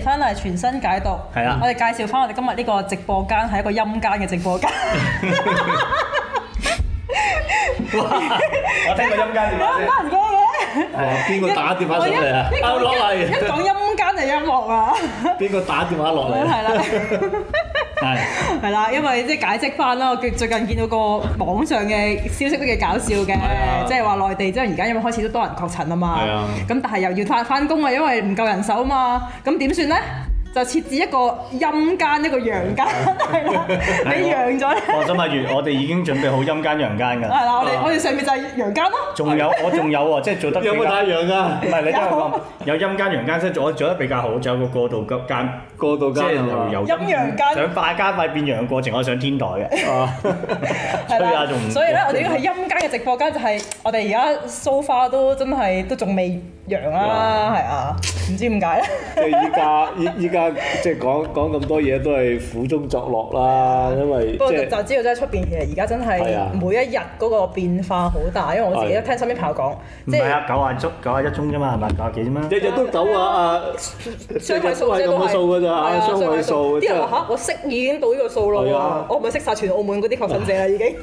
翻嚟傳新解毒，係啦，我哋介紹翻我哋今日呢個直播間係一個陰間嘅直播間。 我聽個陰間電話先。我唔得唔講嘅。哦，邊個打電話上嚟啊？我一講陰間就音樂啊！邊個打電話落嚟？係啦。 係，係啦，因為即係解釋翻啦，我最近見到個網上嘅消息都幾搞笑嘅，即係話內地即係而家因為開始都多人確診啊嘛，咁是的 但係又要翻翻工啊，因為唔夠人手啊嘛，咁點算呢？就設置一個陰間一個陽間，係你陽咗咧。我今日月，我哋已經準備好陰間陽間㗎。係啦，我哋我哋上面就係陽間咯。仲有我仲有喎，即係做得有冇得陽啊？唔係你聽我講，有陰間陽間，即係我做得比較好，仲有個過渡間，過渡間即係陰陽間，上快加快變陽嘅過程，我上天台嘅。所以咧，我哋呢個係陰間嘅直播間，就係我哋而家 so far 都真係都仲未。揚啦，係啊，唔知點解咧？即係依家依依家即係講講咁多嘢都係苦中作樂啦，因為不過就知道真係出邊其實而家真係每一日嗰個變化好大，因為我自己都聽身邊朋友講，即係九啊宗九啊一宗啫嘛，係咪九啊幾啫嘛？日日都走啊，啊，雙位數啫都係，雙位數即係嚇我識已經到呢個數咯，我唔係識晒全澳門嗰啲確診者啦已經。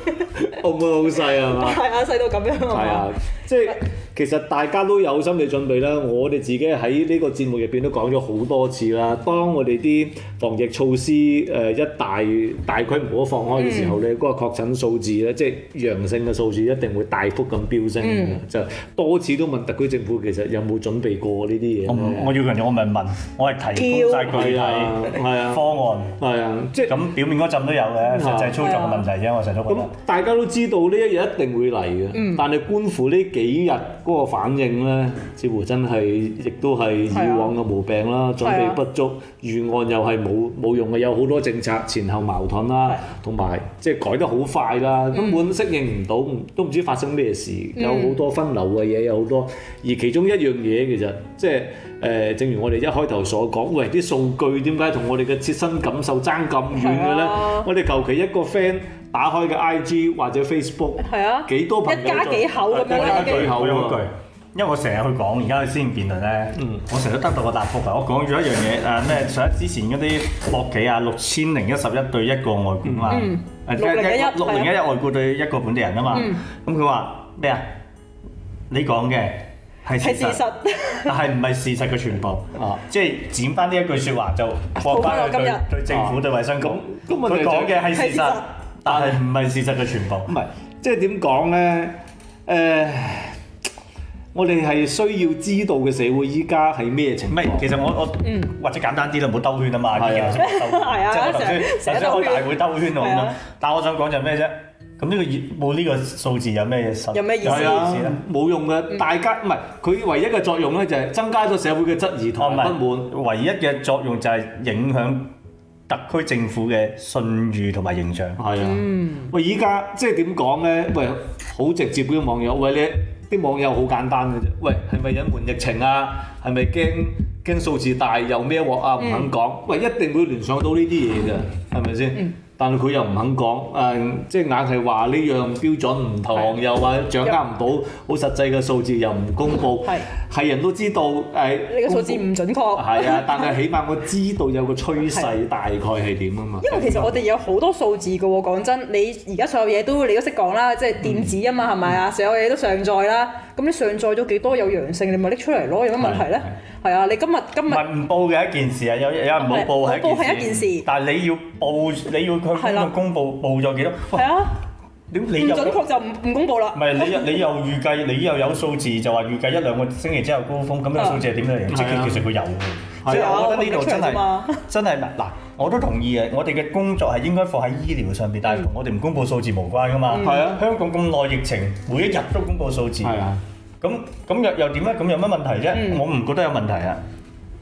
澳門好細啊嘛？係啊，細到咁樣係嘛？即係其實大家都有心理準備啦。我哋自己喺呢個節目入邊都講咗好多次啦。當我哋啲防疫措施誒一大大規模放開嘅時候咧，嗰個確診數字咧，即係陽性嘅數字一定會大幅咁飆升嘅。就多次都問特區政府其實有冇準備過呢啲嘢？我，我要求嘅我唔係問，我係提供曬具體係啊方案係啊，即係咁表面嗰陣都有嘅，實際操作嘅問題啫。我成日都咁大家都知道呢一日一定會嚟嘅，但係觀乎呢幾日嗰個反應呢，似乎真係亦都係以往嘅毛病啦，的準備不足，預案又係冇冇用嘅，有好多政策前後矛盾啦，同埋即係改得好快啦，根本適應唔到，嗯、都唔知發生咩事，有好多分流嘅嘢有好多，嗯、而其中一樣嘢其實即、就、係、是呃、正如我哋一開頭所講，喂，啲數據點解同我哋嘅切身感受爭咁遠嘅呢？的我哋求其一個 friend。打開個 IG 或者 Facebook，幾多朋友？一家幾口咁樣咧？我一句，因為我成日去講，而家先辯論咧。嗯，我成日都得到個答覆，我講咗一樣嘢，誒咩？上一之前嗰啲博企啊，六千零一十一對一個外僱嘛，六零一六零一外僱對一個本地人啊嘛。咁佢話咩啊？你講嘅係事實，但係唔係事實嘅全部。哦，即係剪翻呢一句説話就放翻落去對政府對衞生局。佢講嘅係事實。但係唔係事實嘅全部？唔係，即係點講咧？誒，我哋係需要知道嘅社會依家係咩情況，唔係，其實我我或者簡單啲啦，唔好兜圈啊嘛。係啊，即係我頭先首先開大會兜圈啊咁樣。但係我想講就係咩啫？咁呢個熱冇呢個數字有咩嘢實？有咩意思啊？冇用嘅，大家唔係佢唯一嘅作用咧，就係增加咗社會嘅質疑，同埋不滿。唯一嘅作用就係影響。特區政府嘅信譽同埋形象係啊、嗯，喂，依家即係點講咧？喂，好直接啲網友，喂，啲網友好簡單嘅啫，喂，係咪隱瞞疫情啊？係咪驚驚數字大又咩喎啊？唔肯講，嗯、喂，一定會聯想到呢啲嘢㗎，係咪先？但係佢又唔肯講，誒、嗯，即係硬係話呢樣標準唔同，的又話掌握唔到好實際嘅數字又，又唔公佈，係人都知道，誒、哎，你個數字唔布準確，係啊，但係起碼我知道有個趨勢大概係點啊嘛。因為其實我哋有好多數字嘅喎，講真，你而家所有嘢都你都識講啦，即係電子啊嘛，係咪啊？所有嘢都上載啦。咁你上載咗幾多有陽性，你咪拎出嚟咯，有乜問題咧？係啊，你今日今日唔報嘅一件事啊，有有人冇報係一件事。報係一件事。但係你要報，你要佢公佈報咗幾多？係啊，你唔準確就唔唔公佈啦？唔係你你又預計，你又有數字就話預計一兩個星期之後高峯，咁個數字係點嚟？直接其實佢有嘅，即係我覺得呢度真係真係嗱我都同意啊。我哋嘅工作係應該放喺醫療上邊，但係同我哋唔公佈數字無關噶嘛。係啊，香港咁耐疫情，每一日都公佈數字。係啊。咁咁又又點咧？咁有乜問題啫？嗯、我唔覺得有問題啊。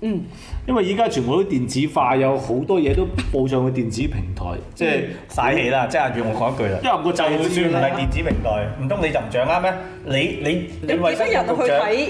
嗯，因為依家全部都電子化，有好多嘢都報上去電子平台，即係、嗯就是、嘥氣啦。即係、嗯、要我講一句啦。因為我個掣掣就算唔係電子平台，唔通吧你就唔掌握咩？你你你為咗入去睇？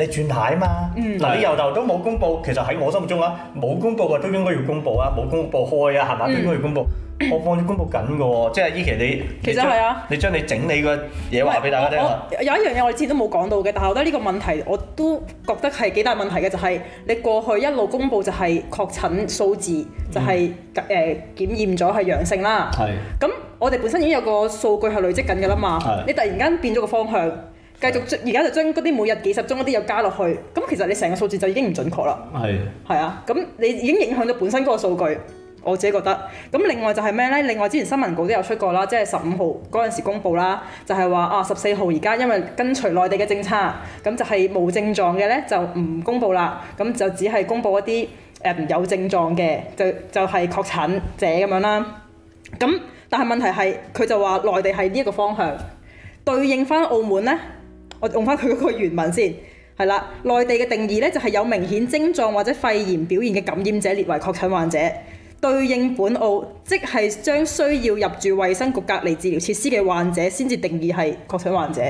你轉態啊嘛，嗱、嗯、你由頭都冇公布，其實喺我心目中啊，冇公布啊，都應該要公布啊，冇公布開啊，係嘛，都應該要公布，我放啲公布緊㗎喎，即係依期你，其實係啊，你將你整理嘅嘢話俾大家聽。有一樣嘢我哋之前都冇講到嘅，但係我覺得呢個問題我都覺得係幾大問題嘅，就係、是、你過去一路公布就係確診數字，就係、是、誒檢驗咗係陽性啦。係、嗯。咁我哋本身已經有個數據係累積緊㗎啦嘛，的的你突然間變咗個方向。繼續，而家就將嗰啲每日幾十宗嗰啲又加落去，咁其實你成個數字就已經唔準確啦。係，係是的 啊，咁你已經影響到本身嗰個數據，我自己覺得。咁另外就係咩呢？另外之前新聞稿都有出過啦，即係十五號嗰陣時公布啦，就係、是、話啊十四號而家因為跟隨內地嘅政策，咁就係冇症狀嘅呢，就唔公布啦，咁就只係公布一啲誒、呃、有症狀嘅，就就係、是、確診者咁樣啦。咁但係問題係佢就話內地係呢一個方向，對應翻澳門呢，我用翻佢嗰個原文先，係啦，內地嘅定義咧，就係有明顯症狀或者肺炎表現嘅感染者列為確診患者，對應本澳即係將需要入住衛生局隔離治療設施嘅患者先至定義係確診患者。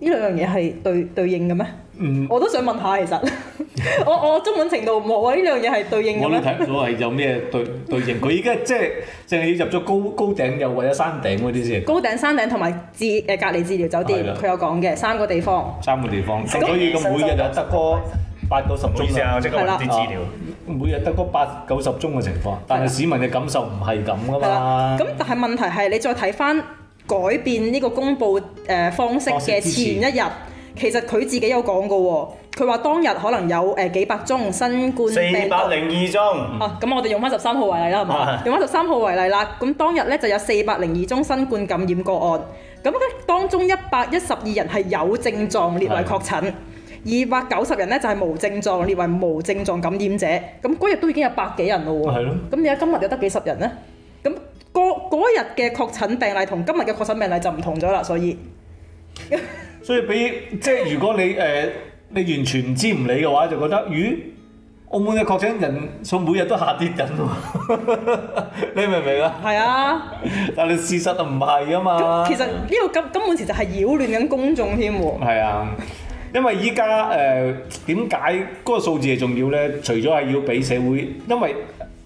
呢兩樣嘢係對對應嘅咩？嗯，我都想問下，其實 我我中文程度冇啊！呢兩樣嘢係對應嘅咩？我睇我係有咩對對應？佢而家即係淨係入咗高高頂又或者山頂嗰啲先。高頂、山頂同埋治誒隔離治療酒店，佢的有講嘅三個地方。三個地方，所以咁每日就得嗰八到十宗啦。係啦，每日得嗰八九十宗嘅情況，但係市民嘅感受唔係咁噶嘛。咁但係問題係你再睇翻。改變呢個公佈誒方式嘅前一日，其實佢自己有講過喎，佢話當日可能有誒幾百宗新冠病毒。四百零二宗。啊，咁我哋用翻十三號為例啦，係嘛？用翻十三號為例啦，咁當日咧就有四百零二宗新冠感染個案，咁咧當中一百一十二人係有症狀列為確診，二百九十人咧就係無症狀列為無症狀感染者，咁嗰日都已經有百幾人咯喎。係咯。咁你而家今日有得幾十人咧？咁。嗰日嘅確診病例同今日嘅確診病例就唔同咗啦，所以 所以俾即係如果你誒、呃、你完全唔知唔理嘅話，就覺得咦、呃，澳門嘅確診人數每日都下跌緊喎、啊， 你明唔明啊？係啊， 但係事實就唔係啊嘛。其實呢個根根本其實係擾亂緊公眾添喎。係啊，因為依家誒點解嗰個數字係重要咧？除咗係要俾社會，因為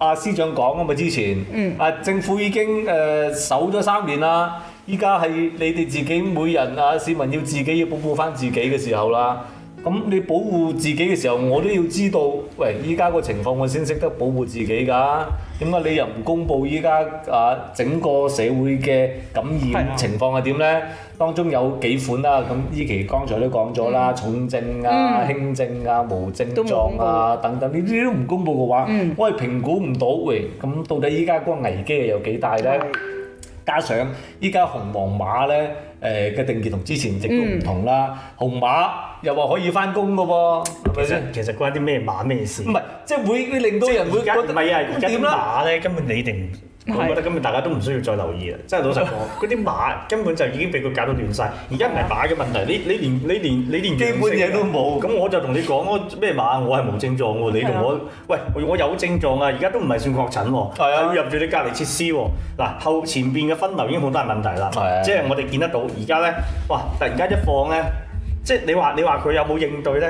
啊，司長講啊嘛，之前、嗯、啊，政府已經誒、呃、守咗三年啦，依家係你哋自己每人啊，市民要自己要保護翻自己嘅時候啦。咁你保護自己嘅時候，我都要知道，喂，依家個情況我先識得保護自己㗎、啊。點解你又唔公佈依家啊整個社會嘅感染情況係點呢？當中有幾款啦，咁依期剛才都講咗啦，嗯、重症啊、嗯、輕症啊、無症狀啊等等，呢啲都唔公佈嘅話，嗯、我係評估唔到喂，咁到底依家嗰個危機係有幾大咧？嗯、加上依家紅黃碼咧，誒、呃、嘅定義同之前直都唔同啦。紅碼、嗯、又話可以翻工㗎喎，係咪先？其實關啲咩碼咩事？唔係，即係會令到人會覺得唔係啊？點打咧？根本你定？我覺得今日大家都唔需要再留意啦，真係老實講，嗰啲 馬根本就已經俾佢搞到亂晒。而家唔係馬嘅問題，你你連你連你連基本嘢都冇。咁 我就同你講，咩馬我係冇症狀喎。 你同我喂我有症狀啊，而家都唔係算確診喎，是啊、要入住啲隔離設施喎、啊。嗱後前邊嘅分流已經好大係問題啦，是啊、即係我哋見得到。而家呢，哇，突然間一放呢，即係你話你話佢有冇應對呢？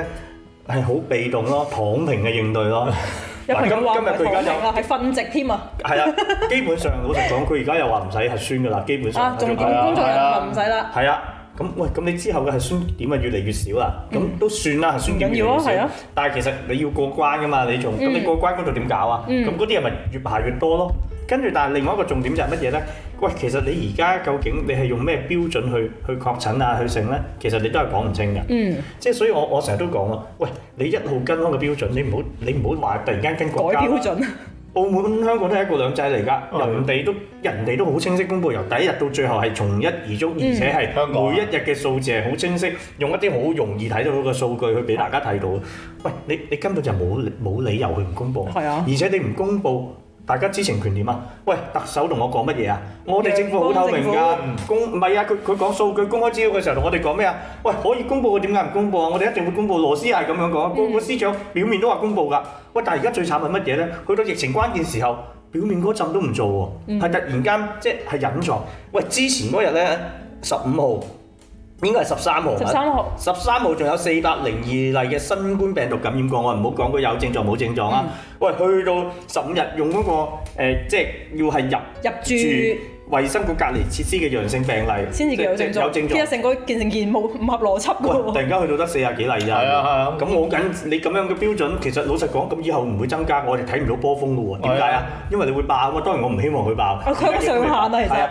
係好被動咯，躺平嘅應對咯。 咁今日佢而家有，係分值添啊！係啊，基本上 老實講，佢而家又話唔使核酸噶啦，基本上啊，重點工作人員就唔使啦。係啊，咁、啊用啊、喂，咁你之後嘅核酸點啊？越嚟越少啦，咁都算啦，核酸唔緊要啊，係啊。但係其實你要過關噶嘛，你仲咁你過關嗰度點搞啊？咁嗰啲人咪越排越多咯。跟住，但係另外一個重點就係乜嘢呢？喂，其實你而家究竟你係用咩標準去去確診啊、去剩呢？其實你都係講唔清嘅。嗯，即係所以我我成日都講啊：「喂，你一路跟開嘅標準，你唔好你唔好話突然間跟國家改標準。澳門、香港都係一國兩制嚟噶，人哋都人哋都好清晰公佈，由第一日到最後係從一而終，而且係每一日嘅數字係好清晰，用一啲好容易睇到嘅數據去俾大家睇到。嗯、喂，你你，你根本就冇冇理由去唔公佈的。而且你唔公佈。大家知情權點啊？喂，特首同我講乜嘢啊？我哋政府好透明㗎，公唔係啊，佢佢講數據公開資料嘅時候同我哋講咩啊？喂，可以公佈嘅點解唔公佈啊？我哋一定會公佈。羅斯係咁樣講，個個司長表面都話公佈㗎。喂，但係而家最慘係乜嘢咧？去到疫情關鍵時候，表面嗰陣都唔做喎，係突然間即係隱藏。喂，之前嗰日咧，十五號。應該係十三號，十三號，十三號仲有四百零二例嘅新冠病毒感染個案，我唔好講佢有症狀冇症狀啊！喂，去到十五日用嗰個誒，即係要係入入住衞生局隔離設施嘅陽性病例先至叫有症狀，依家成個件成件冇五合邏輯喎！突然間去到得四十幾例咋？係啊係啊！咁我緊你咁樣嘅標準，其實老實講，咁以後唔會增加，我哋睇唔到波峰噶喎。點解啊？因為你會爆啊！當然我唔希望佢爆。佢有上限啊！其實。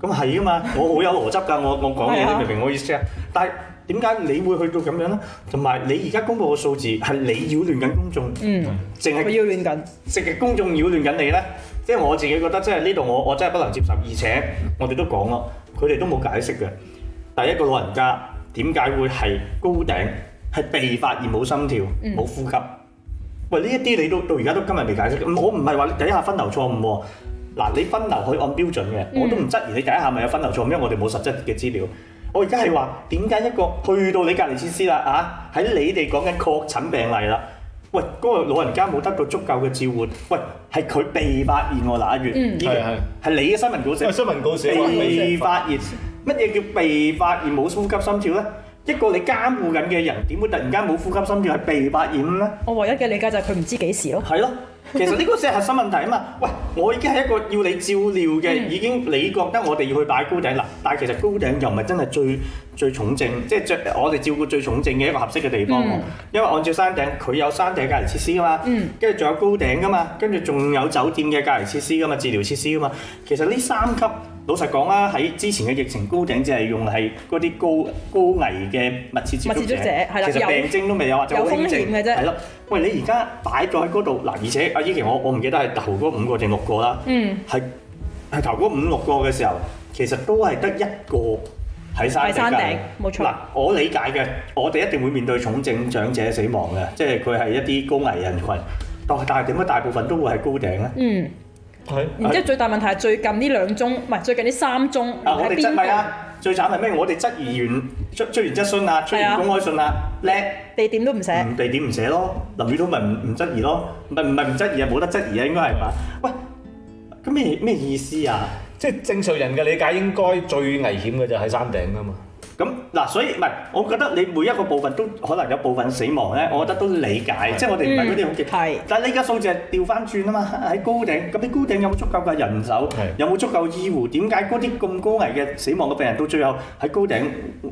咁係啊嘛，我好有邏輯㗎，我我講嘢你明唔明，明我意思啊？ 但係點解你會去到咁樣咧？同埋你而家公布嘅數字係你擾亂緊公眾，淨係擾亂緊，淨係公眾擾亂緊你咧。即係我自己覺得，即係呢度我我真係不能接受。而且我哋都講咯，佢哋都冇解釋嘅。第一個老人家點解會係高頂係被發現冇心跳冇，嗯、呼吸？喂，呢一啲你到到而家都今日未解釋。我唔係話底下分流錯誤喎。嗱，你分流可以按標準嘅，我都唔質疑你第一下咪有分流錯，因為我哋冇實質嘅資料。我而家係話點解一個去到你隔離設施啦啊，喺你哋講緊確診病例啦，嗯、喂，嗰、那個老人家冇得到足夠嘅照護，喂，係佢被發現喎、啊，那完、個，係係係，係你嘅新聞稿寫，未發現，乜嘢叫被發現冇呼吸心跳咧？一個你監護緊嘅人點會突然間冇呼吸心跳係被發現咧？我唯一嘅理解就係佢唔知幾時咯，係咯。 其實呢個先係核心問題啊嘛！喂，我已經係一個要你照料嘅，嗯、已經你覺得我哋要去擺高頂啦，但係其實高頂又唔係真係最最重症，即係著我哋照顧最重症嘅一個合適嘅地方，嗯、因為按照山頂，佢有山頂隔離設施啊嘛，跟住仲有高頂噶嘛，跟住仲有酒店嘅隔離設施噶嘛，治療設施噶嘛。其實呢三級。老實講啦，喺之前嘅疫情高頂高，只係用係嗰啲高高危嘅密切接觸者，觸者其實病徵都未有或者輕症，係咯。喂，你而家擺咗喺嗰度嗱，而且阿依琪，我我唔記得係頭嗰五個定六個啦，係係頭嗰五六個嘅時候，其實都係得一個喺山頂。冇錯。嗱，我理解嘅，我哋一定會面對重症長者死亡嘅，即係佢係一啲高危人群，但係但係點解大部分都會係高頂咧？嗯。是然之後最大問題係最近呢兩宗，唔係最近呢三宗啊，我哋質疑啊！最慘係咩？我哋質疑完出出完質詢啊，出完公開信啊，叻地點都唔寫，地點唔寫咯。林宇都咪唔唔質疑咯，唔係唔係唔質疑啊，冇得質疑啊，應該係嘛？的喂，咁咩咩意思啊？即係正常人嘅理解應該最危險嘅就喺山頂啊嘛。咁嗱，所以唔係，我覺得你每一個部分都可能有部分死亡咧，我覺得都理解，即係我哋唔係嗰啲好極係。但係你依家數字係掉翻轉啊嘛，喺高頂，咁你高頂有冇足夠嘅人手，有冇足夠醫護？點解嗰啲咁高危嘅死亡嘅病人到最後喺高頂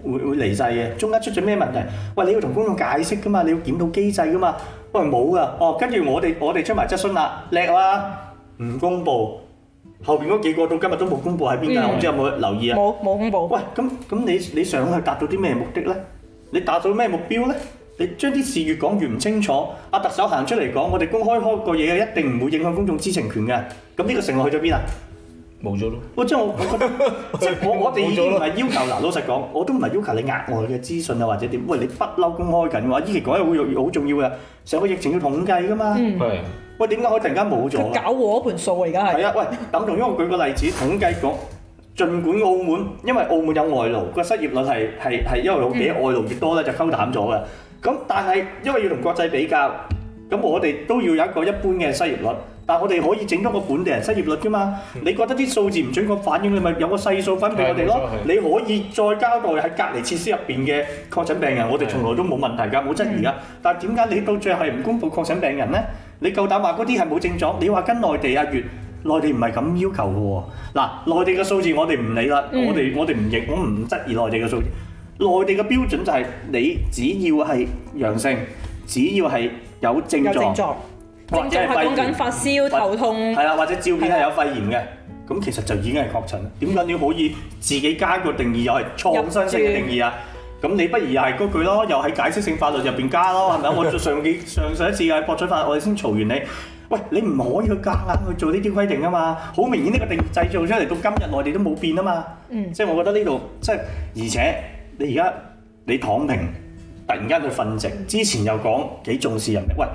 會會離世嘅？中間出咗咩問題？喂，你要同公眾解釋噶嘛？你要檢討機制噶嘛？喂，冇啊！哦，跟住我哋我哋出埋質詢啦，叻啊，唔公佈。後邊嗰幾個到今日都冇公布喺邊噶，我唔知有冇留意啊？冇冇公布。喂，咁咁你你想去達到啲咩目的咧？你達到咩目標咧？你將啲事越講越唔清楚。阿特首行出嚟講，我哋公開開個嘢啊，一定唔會影響公眾知情權嘅。咁呢個承諾去咗邊啊？冇咗咯。喂，即係我，我我我哋已經唔係要求嗱，老實講，我都唔係要求你額外嘅資訊啊，或者點？喂，你不嬲公開緊嘛？呢期講係會好重要嘅，成個疫情要統計噶嘛？嗯。係。喂，點解我突然間冇咗？佢搞我嗰盤數啊！而家係。係啊，喂，等仲因為我舉個例子，統計局，儘管澳門，因為澳門有外勞，個失業率係係係因為我俾外勞越多咧就溝淡咗嘅。咁但係因為要同國際比較，咁我哋都要有一個一般嘅失業率，但係我哋可以整多個本地人失業率啫嘛。你覺得啲數字唔準確反映，你咪有個細數分俾我哋咯。你可以再交代喺隔離設施入邊嘅確診病人，我哋從來都冇問題㗎，冇質疑㗎。但係點解你到最後係唔公佈確診病人咧？你夠膽話嗰啲係冇症狀？你話跟內地一樣，內地唔係咁要求嘅喎。嗱，內地嘅數字我哋唔理啦，嗯，我哋我哋唔認，我唔質疑內地嘅數字。內地嘅標準就係你只要係陽性，只要係有症狀，係講緊發燒、頭痛，係啦，或者照片係有肺炎嘅，咁對 其實就已經係確診。點解你可以自己加個定義又係創新性嘅定義啊？咁你不如又係嗰句咯，又喺解釋性法律入邊加咯，係咪啊？我上幾上上一次喺博彩法，我哋先嘈完你。喂，你唔可以夾硬，去做呢啲規定啊嘛！好明顯呢個定製做出嚟，到今日內地都冇變啊嘛。嗯。即係我覺得呢度即係，而且你而家你躺平，突然間去瞓直，之前又講幾重視人力。喂，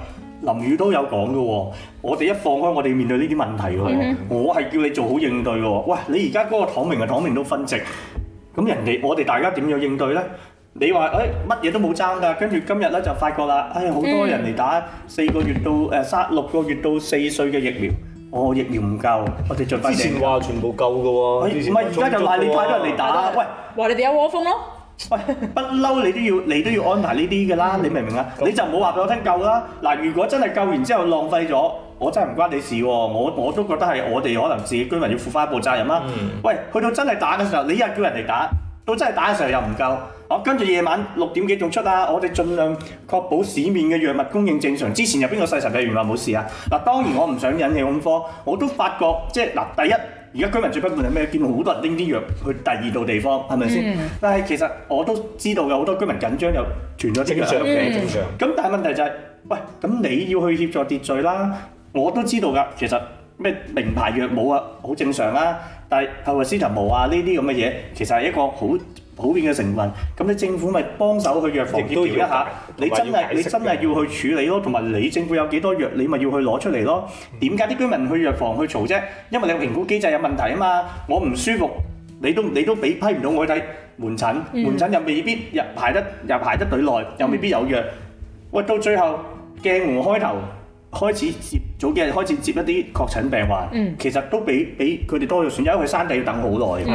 林宇都有講㗎喎，我哋一放開，我哋要面對呢啲問題喎。嗯。我係叫你做好應對喎。喂，你而家嗰個躺平啊，躺平都瞓直，咁人哋我哋大家點樣應對呢？你話誒乜嘢都冇爭㗎，跟住今日咧就發覺啦，哎好多人嚟打四個月到誒三六個月到四歲嘅疫苗，我疫苗唔夠，我哋盡快啲。之前話全部夠嘅喎，唔係而家就話你派咗人嚟打，喂話你哋一窩蜂咯，不嬲你都要你都要安排呢啲㗎啦，你明唔明啊？你就冇話畀我聽夠啦，嗱如果真係夠完之後浪費咗，我真係唔關你事喎，我我都覺得係我哋可能自己居民要負翻一部分責任啦。喂，去到真係打嘅時候，你一日叫人哋打。到真係打嘅時候又唔夠，好，跟住夜晚六點幾仲出啊！我哋盡量確保市面嘅藥物供應正常。之前有邊個細十幾原話冇事啊？嗱，當然我唔想引起恐慌，我都發覺即係嗱，第一而家居民最不滿係咩？見到好多人拎啲藥去第二度地方，係咪先？但係、嗯、其實我都知道有好多居民緊張又存咗啲藥正常、啊。咁、嗯、但係問題就係、是，喂，咁你要去協助秩序啦，我都知道噶。其實咩名牌藥冇啊，好正常啦。但係頭暈、視神無啊！呢啲咁嘅嘢其實係一個好普遍嘅成分。咁你、嗯、政府咪幫手去藥房協調一下？有你真係你真係要去處理咯，同埋你政府有幾多藥，你咪要去攞出嚟咯。點解啲居民去藥房去嘈啫？因為你個評估機制有問題啊嘛！我唔舒服，你都你都俾批唔到我睇門診，嗯、門診又未必排又排得又排得隊耐，又未必有藥。喂、嗯，到最後鏡湖開頭開始,開始,開始早幾日開始接一啲確診病患，嗯、其實都比比佢哋多咗選擇，因為山頂要等好耐，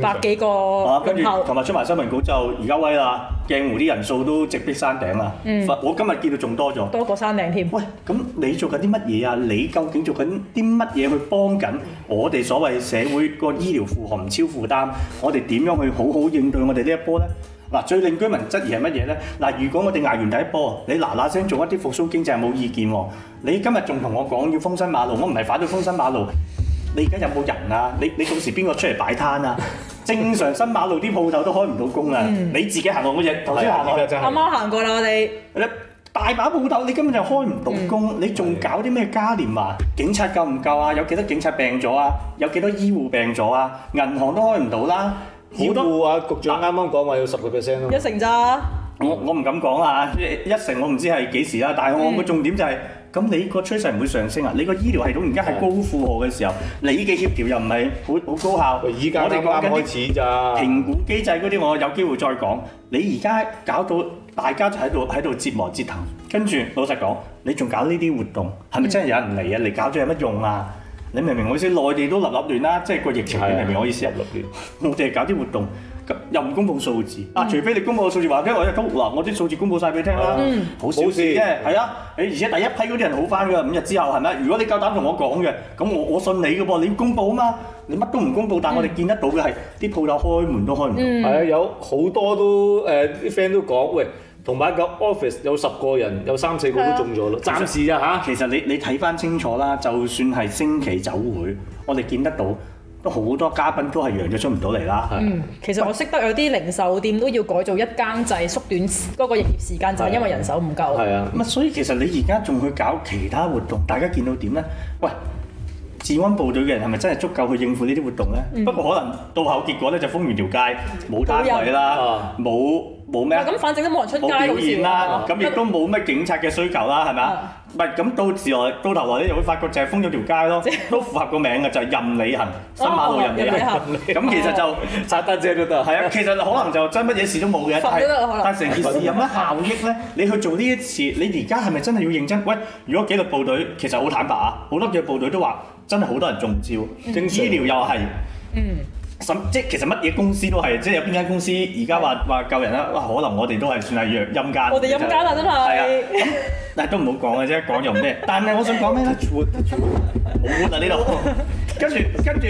百幾個、啊，跟住同埋出埋新聞稿就而家威啦，鏡湖啲人數都直逼山頂啦。嗯、我今日見到仲多咗，多過山頂添。喂，咁你做緊啲乜嘢啊？你究竟做緊啲乜嘢去幫緊我哋所謂社會個醫療負荷唔超負擔？我哋點樣去好好應對我哋呢一波咧？嗱，最令居民質疑係乜嘢咧？嗱，如果我哋挨完第一波，你嗱嗱聲做一啲復甦經濟，冇意見喎。你今日仲同我講要封新馬路，我唔係反對封新馬路。你而家有冇人啊？你你到時邊個出嚟擺攤啊？ 正常新馬路啲鋪頭都開唔到工啊。嗯、你自己行過好只，頭先行過嘅真係。阿媽行過啦，我哋。你大把鋪頭，你根本就開唔到工，嗯、你仲搞啲咩嘉年華？警察夠唔夠啊？有幾多警察病咗啊？有幾多醫護病咗啊？銀行都開唔到啦。好多啊！局長啱啱講話要十個 percent 咯，一成咋？我我唔敢講啦，一成我唔知係幾時啦。但係我個重點就係、是，咁、嗯、你個趨勢唔會上升啊！你個醫療系統而家係高負荷嘅時候，你嘅協調又唔係好好高效。剛剛我哋而家啱啱開始咋，評估機制嗰啲我有機會再講。你而家搞到大家就喺度喺度折磨折騰。跟住老實講，你仲搞呢啲活動，係咪真係有人嚟啊？你搞咗有乜用啊？你明唔明我意思？內地都立立亂啦，即係個疫情，你明唔明我意思？立立亂，我哋係搞啲活動，咁又唔公佈數字啊？除非你公佈個數字話俾我聽，我一都嗱，我啲數字公佈曬俾你聽啦。好少事啫，係啊！誒，而且第一批嗰啲人好翻㗎，五日之後係咪？如果你夠膽同我講嘅，咁我我信你嘅噃，你要公佈啊嘛，你乜都唔公佈，但係我哋見得到嘅係啲鋪頭開門都開唔到，係啊，有好多都誒啲 friend 都講喂。同埋一個 office 有十個人，有三四個都中咗啦。啊、暫時啊吓？其實你你睇翻清楚啦，就算係星期酒會，我哋見得到都好多嘉賓都係陽咗出唔到嚟啦。嗯，其實我識得有啲零售店都要改造一間制，縮短嗰個營業時間，就係、是、因為人手唔夠。係啊。咁啊，嗯、所以其實你而家仲去搞其他活動，大家見到點呢？喂！治安部隊嘅人係咪真係足夠去應付呢啲活動咧？不過可能到口結果咧就封完條街，冇單位啦，冇冇咩咁，反正都冇人出街露面啦。咁亦都冇咩警察嘅需求啦，係咪啊？唔咁到時來到頭來你又會發覺就係封咗條街咯，即都符合個名嘅就係任你行新馬路任你行。咁其實就拆得借都得係啊。其實可能就真乜嘢事都冇嘅，但成件事有咩效益咧？你去做呢一次，你而家係咪真係要認真？喂，如果紀律部隊其實好坦白啊，好多嘅部隊都話。真係好多人中招，正醫療又係，甚即、嗯、其實乜嘢公司都係，即係有邊間公司而家話話救人啦，哇！可能我哋都係算係弱陰間。我哋陰間啦，就係、真係。但係 都唔好講嘅啫，講又咩？但係我想講咩咧？我我喺呢度，跟住跟住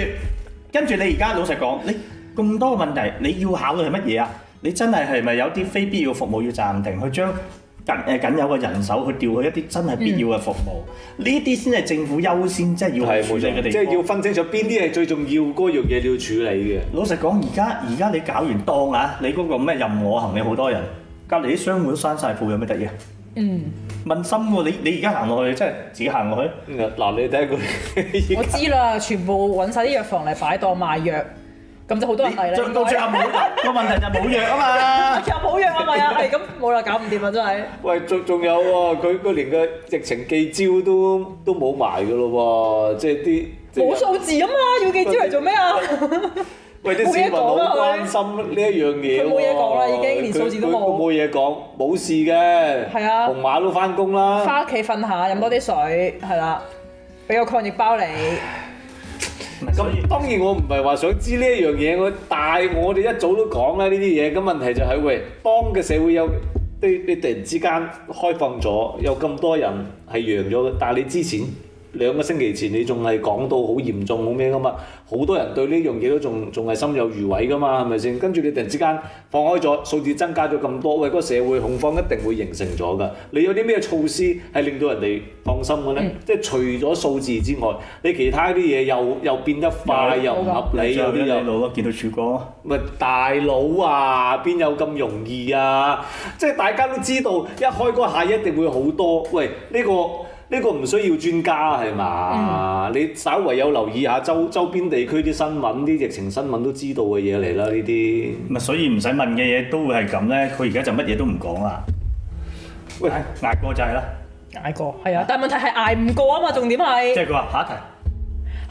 跟住，你而家老實講，你咁多問題，你要考慮係乜嘢啊？你真係係咪有啲非必要服務要暫停，去將？緊誒緊有個人手去調去一啲真係必要嘅服務，呢啲先係政府優先，即係要處理嘅，即係要分清楚邊啲係最重要嗰樣嘢要處理嘅。老實講，而家而家你搞完檔啊，你嗰個咩任我行，你好多人，隔籬啲商戶都閂曬鋪，有咩得意啊？嗯，問心喎，你你而家行落去，真係自己行落去。嗱，你第一句，我知啦，全部揾曬啲藥房嚟擺檔賣藥。咁就好多人問題咧，個問題就冇藥啊嘛，最後冇藥係咪啊？係咁冇啦，搞唔掂啊！真係。喂，仲仲有喎、啊，佢佢連個疫情記招都都冇埋噶咯喎，即係啲冇數字啊嘛，要記招嚟做咩啊？喂，啲市民好關心呢一樣嘢，佢冇嘢講啦，已經連數字都冇。佢佢冇嘢講，冇事嘅。係啊，紅馬都翻工啦。翻屋企瞓下，飲多啲水，係啦、啊，俾個抗疫包你。咁、嗯、以當然我唔係話想知呢一樣嘢，但我但係我哋一早都講啦呢啲嘢。咁問題就係、是、喂，當嘅社會有你，你突然之間開放咗，有咁多人係陽咗嘅，但係你之前。兩個星期前你仲係講到好嚴重好咩噶嘛，好多人對呢樣嘢都仲仲係心有餘悸噶嘛，係咪先？跟住你突然之間放開咗，數字增加咗咁多，喂，個社會恐慌一定會形成咗噶。你有啲咩措施係令到人哋放心嘅呢？即係除咗數字之外，你其他啲嘢又又變得快又合理，有啲有一路見到曙光。喂，大佬啊，邊有咁容易啊？即係大家都知道，一開嗰下一定會好多。喂，呢個。呢個唔需要專家係嘛？嗯、你稍為有留意下周周邊地區啲新聞、啲疫情新聞都知道嘅嘢嚟啦。呢啲所以唔使問嘅嘢都會係咁呢。佢而家就乜嘢都唔講啦。喂，捱過就係啦，捱過係啊，但問題係捱唔過啊嘛。重點係即係佢話下一題。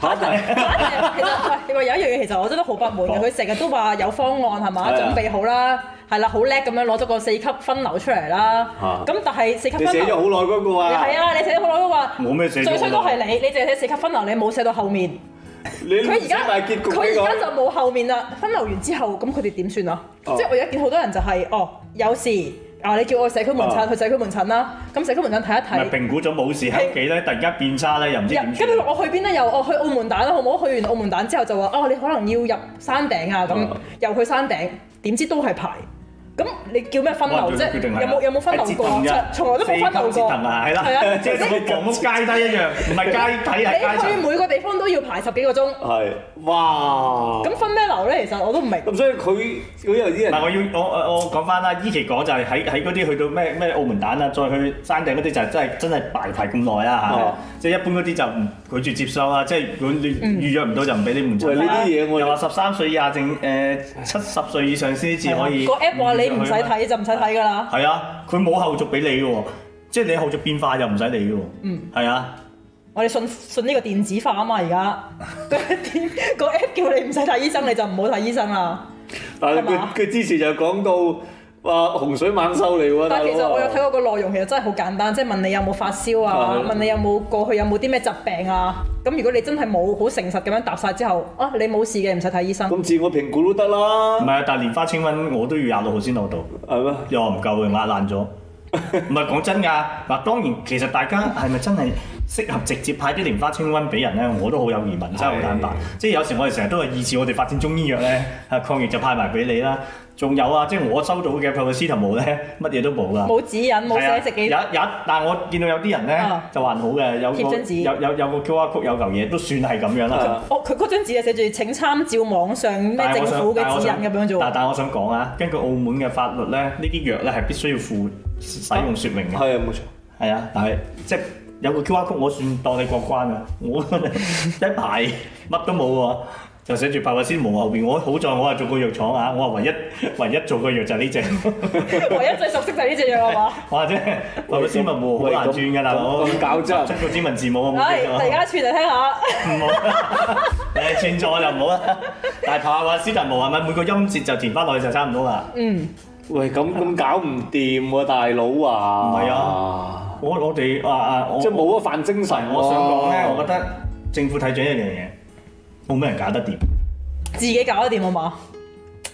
嚇！發 其實你話、哎、有一樣嘢，其實我真得好不滿嘅。佢成日都話有方案係嘛，是啊、準備好啦，係啦、啊，好叻咁樣攞咗個四級分流出嚟啦。嚇！咁但係四級分流你寫咗好耐嗰個啊！係啊，你寫咗好耐嗰個。冇咩寫最最衰都係你，你淨係寫四級分流，你冇寫到後面。 在你寫咗大結局。佢而家就冇後面啦，分流完之後，咁佢哋點算啊？Oh. 即係我而家見好多人就係、是、哦，有事。啊！你叫我社區門診去社區門診啦，咁、oh. 社區門診睇一睇。評估咗冇事喺屋企咧，呢 突然間變差咧，又唔知。跟住我去邊咧？又我去澳門蛋啦，好唔好？去完澳門蛋之後就話：哦，你可能要入山頂啊咁，oh. 又去山頂，點知都係排。咁你叫咩分流啫？有冇，有冇分流過？從來都冇分流過。四級階梯啊，係啦，即係個房屋階梯一樣，唔係階梯，係階梯。你去每個地方都要排十幾個鐘。係，哇！咁分咩流咧？其實我都唔明。咁所以佢，有啲人，嗱，我要，我我講翻啦，依期講就係喺喺嗰啲去到咩咩澳門蛋啊，再去山頂嗰啲就真係真係排排咁耐啊嚇！即係一般嗰啲就唔拒絕接收啦，即係如果你預約唔到就唔俾你門呢啲嘢，我又話十三歲以下，正誒七十歲以上先至可以。個 A P P 話你。唔使睇就唔使睇噶啦，係啊，佢冇後續俾你嘅喎，即係你後續變化就唔使理嘅喎，嗯，係啊，係啊，我哋信信呢個電子化啊嘛而家，個 A P P 叫你唔使睇醫生你就唔好睇醫生啦，但係佢佢之前就講到。哇，洪水猛獸嚟喎，但其實我有睇過個內容，其實真係好簡單，即係問你有冇發燒啊？的問你有冇過去有冇啲咩疾病啊？咁如果你真係冇好誠實咁樣答晒之後，啊你冇事嘅，唔使睇醫生。咁自我評估都得啦。唔係啊，但係蓮花清瘟我都要廿六號先攞到，係咩嗎？又話唔夠啊，壓爛咗。唔係講真㗎，嗱，當然其實大家係咪真係適合直接派啲蓮花清瘟俾人咧？我都好有疑問，真係好坦白。的即係有時我哋成日都係意志我哋發展中醫藥咧，啊抗疫就派埋俾你啦。仲有啊，即係我收到嘅佢個師徒毛咧，乜嘢都冇噶。冇指引，冇寫食幾多。有有，但係我見到有啲人咧、啊、就還好嘅，有個貼有有有個 QR Code 有嚿嘢，都算係咁樣啦。哦，佢嗰張紙係寫住請參照網上咩政府嘅指引咁樣做。但係我想講啊，根據澳門嘅法律咧，呢啲藥咧係必須要附使用說明嘅。係啊，冇、啊、錯。係啊，但係、嗯、即係有個 QR Code，我算當你過關啊！我一排乜都冇喎。 就寫住柏畫斯文後邊，我好在我係做個藥廠啊！我話唯一唯一做個藥就係呢隻，唯一最熟悉就係呢隻藥啊嘛！我話啫，柏畫斯文無好難轉噶啦，好搞笑，出個英文字母。哎，大家串嚟聽下。唔好，你串錯就唔好啦。但係柏畫斯文無係咪每個音節就填翻落去就差唔多啦？嗯。喂，咁咁搞唔掂喎，大佬啊！唔係啊，我我哋啊啊，即係冇咗飯精神。我想講咧，我覺得政府睇準一樣嘢。冇咩人搞得掂，自己搞得掂啊嘛！好冇？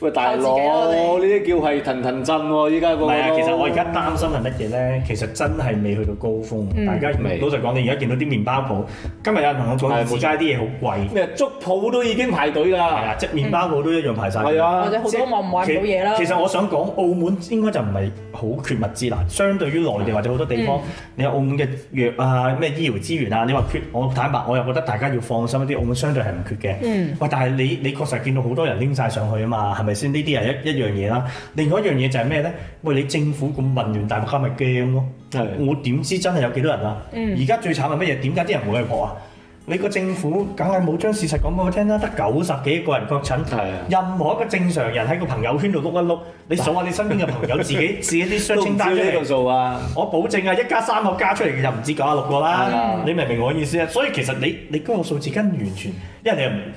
喂，大佬，呢啲叫係騰騰震喎！依家個唔係啊，其實我而家擔心係乜嘢咧？其實真係未去到高峰，大家唔係。老實講，你而家見到啲麵包鋪，今日有人同我講，街啲嘢好貴，咩粥鋪都已經排隊啦，即係麵包鋪都一樣排晒，係啊，或者好多我唔買嘢啦。其實我想講，澳門應該就唔係好缺物資啦。相對於內地或者好多地方，你有澳門嘅藥啊、咩醫療資源啊，你話缺，我坦白我又覺得大家要放心一啲，澳門相對係唔缺嘅。喂，但係你你確實見到好多人拎晒上去啊嘛。咪先呢啲係一一樣嘢啦。另外一樣嘢就係咩咧？喂，你政府咁混亂，大家咪驚咯。係，我點知真係有幾多人啊？而家、嗯、最慘係乜嘢？點解啲人唔去搏啊？你個政府梗係冇將事實講俾我聽啦。得九十幾個人確診。係的。任何一個正常人喺個朋友圈度碌一碌，的你數下你身邊嘅朋友 自己自己啲雙清單呢個數啊？我保證啊，一家三個加出嚟嘅，就唔止九啊六個啦。你明唔明我意思啊？所以其實你你嗰個數字根完，完全。一為一年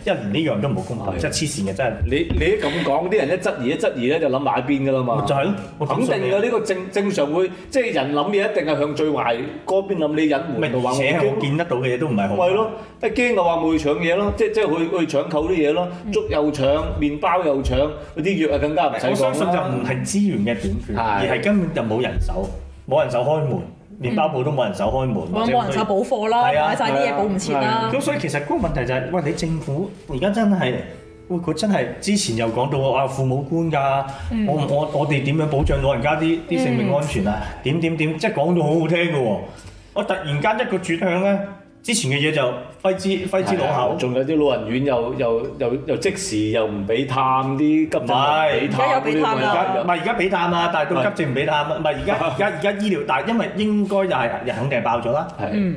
因為唔呢樣都冇供買，真黐線嘅真。你你一咁講，啲人一質疑一質疑咧，就諗埋一邊㗎喇嘛。就係、是、肯定嘅呢、這個正正常會，即係人諗嘢一定係向最壞嗰邊諗，你隱瞞。咩話我驚？見得到嘅嘢都唔係好。咪咯，一驚我話冇去搶嘢咯，即係即係去去搶購啲嘢咯，粥又搶，麪包又搶，嗰啲藥啊更加唔使講啦。我相信就唔係資源嘅短缺，是的而係根本就冇人手，冇人手開門。連麵包舖都冇人手開門，冇、嗯、人手補貨啦，啊、買晒啲嘢補唔切啦。咁、啊啊、所以其實個問題就係、是，喂，你政府而家真係，喂，佢真係之前又講到啊，父母官噶、啊嗯，我我我哋點樣保障老人家啲啲、嗯、性命安全啊？點點點，即係講到好好聽嘅喎、啊，我突然間一個轉向咧。之前嘅嘢就揮之揮之腦後，仲有啲老人院又又又又，又即時又唔俾探啲急症，唔係而家俾探唔係而家俾探啊，但係到急症唔俾探，唔係而家而家而家醫療大，但係因為應該就係人肯定係爆咗啦，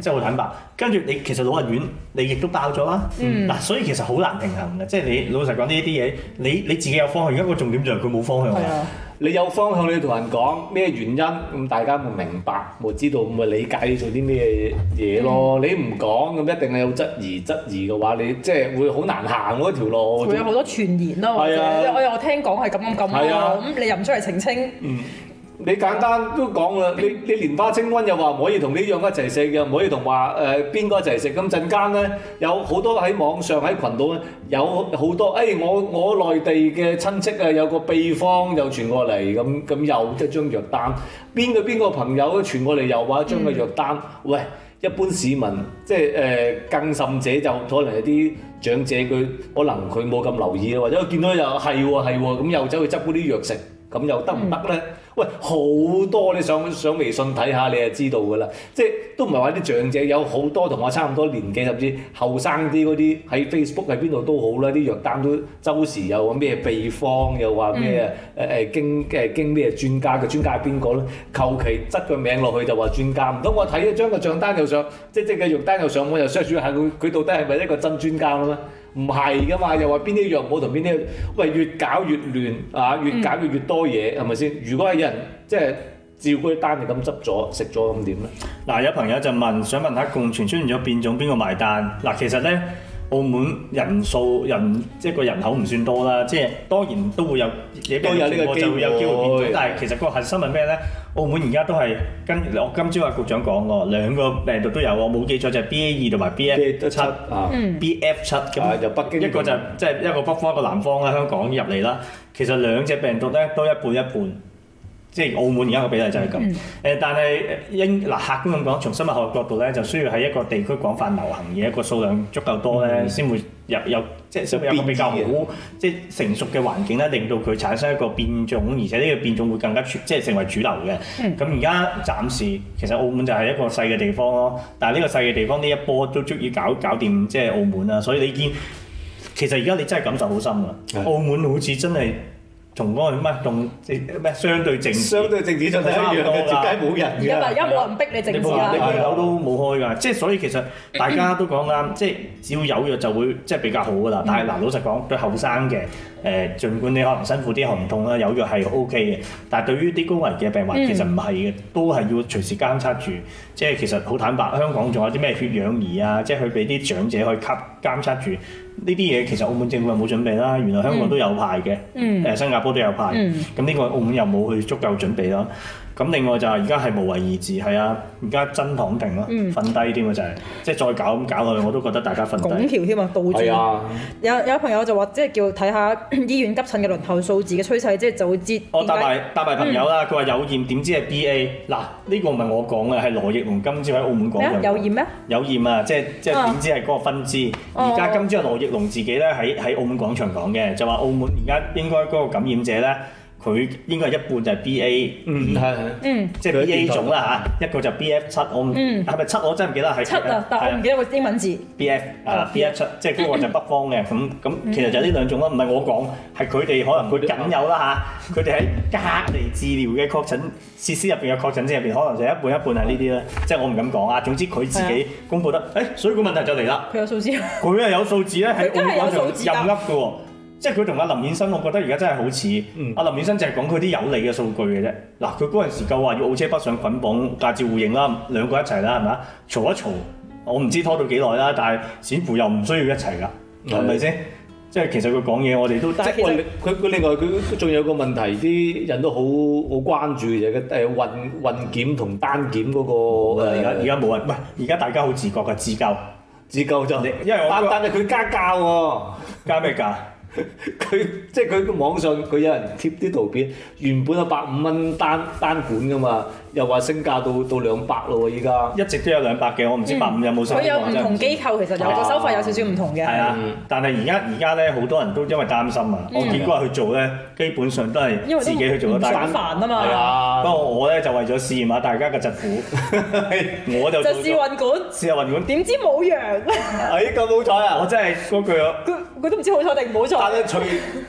即係好坦白。跟住你其實老人院你亦都爆咗啦，嗱、嗯、所以其實好難平衡嘅，即、就、係、是、你老實講呢啲嘢，你你自己有方向，而家個重點就係佢冇方向 你有方向，你同人講咩原因，咁大家咪明白，咪知道，咪理解你做啲咩嘢嘢咯。嗯、你唔講，咁一定係有質疑，質疑嘅話，你即係會好難行嗰條路。仲有好多傳言咯，或者我、啊、我聽講係咁咁咁咯，咁、啊嗯、你又唔出嚟澄清？嗯你簡單都講啦，你你連花清瘟又話唔可以同呢樣一齊食，又唔可以同話誒邊個一齊食。咁陣間咧，有好多喺網上喺群度咧，有好多誒我我內地嘅親戚啊，有個秘方又傳過嚟，咁咁又即係張藥單。邊個邊個朋友咧傳過嚟又話一張嘅藥單，嗯、喂，一般市民即係誒、呃、更甚者就可能有啲長者佢可能佢冇咁留意，或者佢見到又係喎係喎，咁、啊啊啊、又走去執嗰啲藥食，咁又得唔得咧？嗯喂，好多你上上微信睇下，你就知道㗎啦。即係都唔係話啲長者有，有好多同我差唔多年紀，甚至後生啲嗰啲喺 Facebook 喺邊度都好啦。啲藥單都周時有話咩秘方，又話咩誒誒經誒經咩專家嘅專家係邊個咧？求其執個名落去就話專家，唔通我睇咗張個帳單又上，即即係藥單又上我又 search 住下佢，佢到底係咪一個真專家咧？唔係噶嘛，又話邊啲藥冇同邊啲，喂，越搞越亂啊，越搞越越多嘢，係咪先？如果係有人即係、就是、照顧啲單嘅咁執咗食咗咁點咧？嗱、啊，有朋友就問，想問下共存出現咗變種，邊個埋單？嗱、啊，其實咧。 澳門人數人即係個人口唔算多啦，即係當然都會有嘢變咗，會機就會有機會變咗。但係其實個核心係咩咧？澳門而家都係跟我今朝阿局長講過，兩個病毒都有，我冇記錯就係、是、B A 二同埋 B F 七啊。B F 七咁就北一個就即、是、係一個北方一個南方啦。香港入嚟啦，其實兩隻病毒咧都一半一半。即係澳門而家個比例就係咁。誒、嗯，嗯、但係應嗱客觀咁講，從生物學角度咧，就需要喺一個地區廣泛流行嘅一個數量足夠多咧，先、嗯嗯、會有，有即係先會有一個比較好，即係成熟嘅環境咧，令到佢產生一個變種，而且呢個變種會更加即係成為主流嘅。咁而家暫時其實澳門就係一個細嘅地方咯，但係呢個細嘅地方呢一波都足以搞搞掂即係澳門啦。所以你見其實而家你真係感受好深㗎，澳門好似真係。從嗰、那個唔咩？相對靜止，相對靜止就係一樣嘅，只雞冇人㗎嘛，因為人逼你靜下，兩樓對都冇開㗎，即係所以其實大家都講啱，即係 只要有藥就會即係比較好㗎啦。但係嗱 老實講，對後生嘅誒，儘管你可能辛苦啲喉痛啦，有藥係 OK 嘅。但係對於啲高危嘅病患，其實唔係嘅，都係要隨時監測住。即係 其實好坦白，香港仲有啲咩血氧儀啊？即係佢俾啲長者去吸。監測住呢啲嘢，其實澳門政府又冇準備啦。原來香港都有派嘅，誒、嗯、新加坡都有派。咁呢、嗯、個澳門又冇去足夠準備啦。咁另外就係而家係無為而治，係啊，而家真躺定咯，瞓低啲嘛就係、是，即係再搞咁搞落去，我都覺得大家瞓低。拱橋添啊，倒轉。啊、哎呀，有有朋友就話，即係叫睇下醫院急診嘅輪候數字嘅趨勢，即係就會知。我搭埋朋友啦，佢話、嗯、有驗，點知係 BA。嗱、這個，呢個唔係我講嘅，係羅奕龍今朝喺澳門講嘅。有驗咩？有驗啊，即係即係點知係嗰個分支。而家今朝羅奕龍自己咧喺喺澳門廣場講嘅，就話澳門而家應該嗰個感染者咧。佢應該係一半就係 B A，嗯，係，嗯，即係佢 B A 種啦嚇，一個就 B F 七，我唔，係咪七我真係唔記得係，七啊，但我唔記得個英文字。B F 啊，B F 七，即係嗰個就北方嘅，咁咁其實就係呢兩種啦。唔係我講，係佢哋可能佢僅有啦嚇，佢哋喺隔離治療嘅確診設施入邊嘅確診者入邊，可能就一半一半係呢啲啦，即係我唔敢講啊，總之佢自己公布得，誒，所以個問題就嚟啦，佢有數字，佢係有數字咧，喺官方就任噏㗎喎。即係佢同阿林衍新，我覺得而家真係好似阿林衍新，淨係講佢啲有利嘅數據嘅啫。嗱，佢嗰陣時夠話要澳車北上捆綁駕照互認啦，兩個一齊啦，係咪啊？嘈一嘈，我唔知拖到幾耐啦，但係似乎又唔需要一齊㗎，係咪先？是的 即係其實佢講嘢，我哋都即係佢佢另外佢仲有個問題，啲人都好好關注嘅就係嘅誒運運檢同單檢嗰、嗰個而家而家冇運，唔係而家大家好自覺嘅自救，自救就啲，你因為、嗰個、單單係佢加價喎、啊， 加咩價？ 佢 即係佢個網上，佢有人貼啲圖片，原本係百五蚊單單管噶嘛。又話升價到到兩百咯喎！依家一直都有兩百嘅，我唔知百五有冇收費。佢有唔同機構其實有個收費有少少唔同嘅。係啊，但係而家而家咧好多人都因為擔心啊！我見過佢去做咧，基本上都係自己去做咗單。因為都唔啊嘛。係啊，不過我咧就為咗試驗下大家嘅疾苦，我就就試運管，試下運管，點知冇羊？哎，咁好彩啊！我真係嗰句，啊，佢都唔知好彩定唔好彩。但係隨